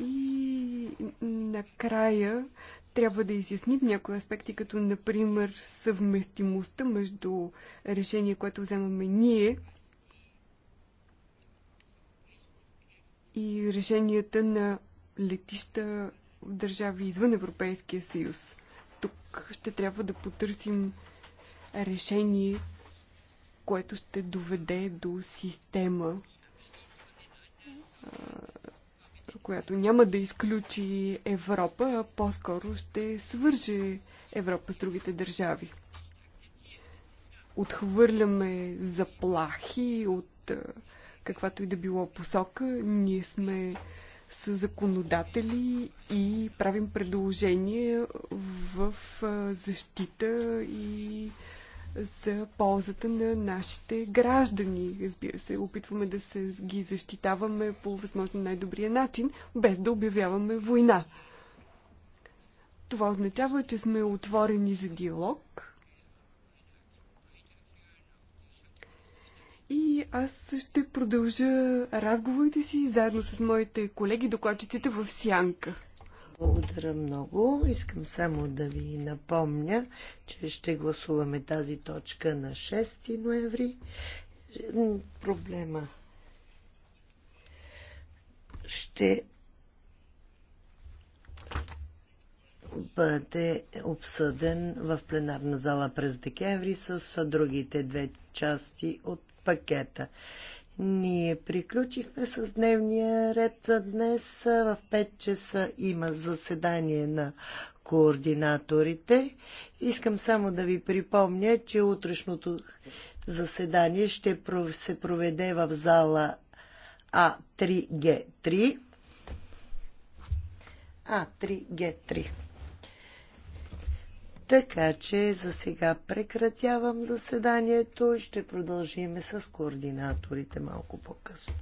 И накрая трябва да изясним някои аспекти, като например съвместимостта между решение, което вземаме ние и решенията на летища в държави извън Европейския съюз. Тук ще трябва да потърсим решение, което ще доведе до система, която няма да изключи Европа, а по-скоро ще свърже Европа с другите държави. Отхвърляме заплахи от каквато и да било посока. Ние сме с законодатели и правим предложение в защита и за ползата на нашите граждани. Разбира се, опитваме да се ги защитаваме по възможно най-добрия начин, без да обявяваме война. Това означава, че сме отворени за диалог. И аз ще продължа разговорите си заедно с моите колеги докладчиците в Сянка. Благодаря много. Искам само да ви напомня, че ще гласуваме тази точка на 6 ноември. Проблема ще бъде обсъден в пленарна зала през декември с другите две части от пакета. Ние приключихме с дневния ред за днес. В 5 часа има заседание на координаторите. Искам само да ви припомня, че утрешното заседание ще се проведе в зала А3Г3. А3Г3. Така че за сега прекратявам заседанието и ще продължим с координаторите малко по-късно.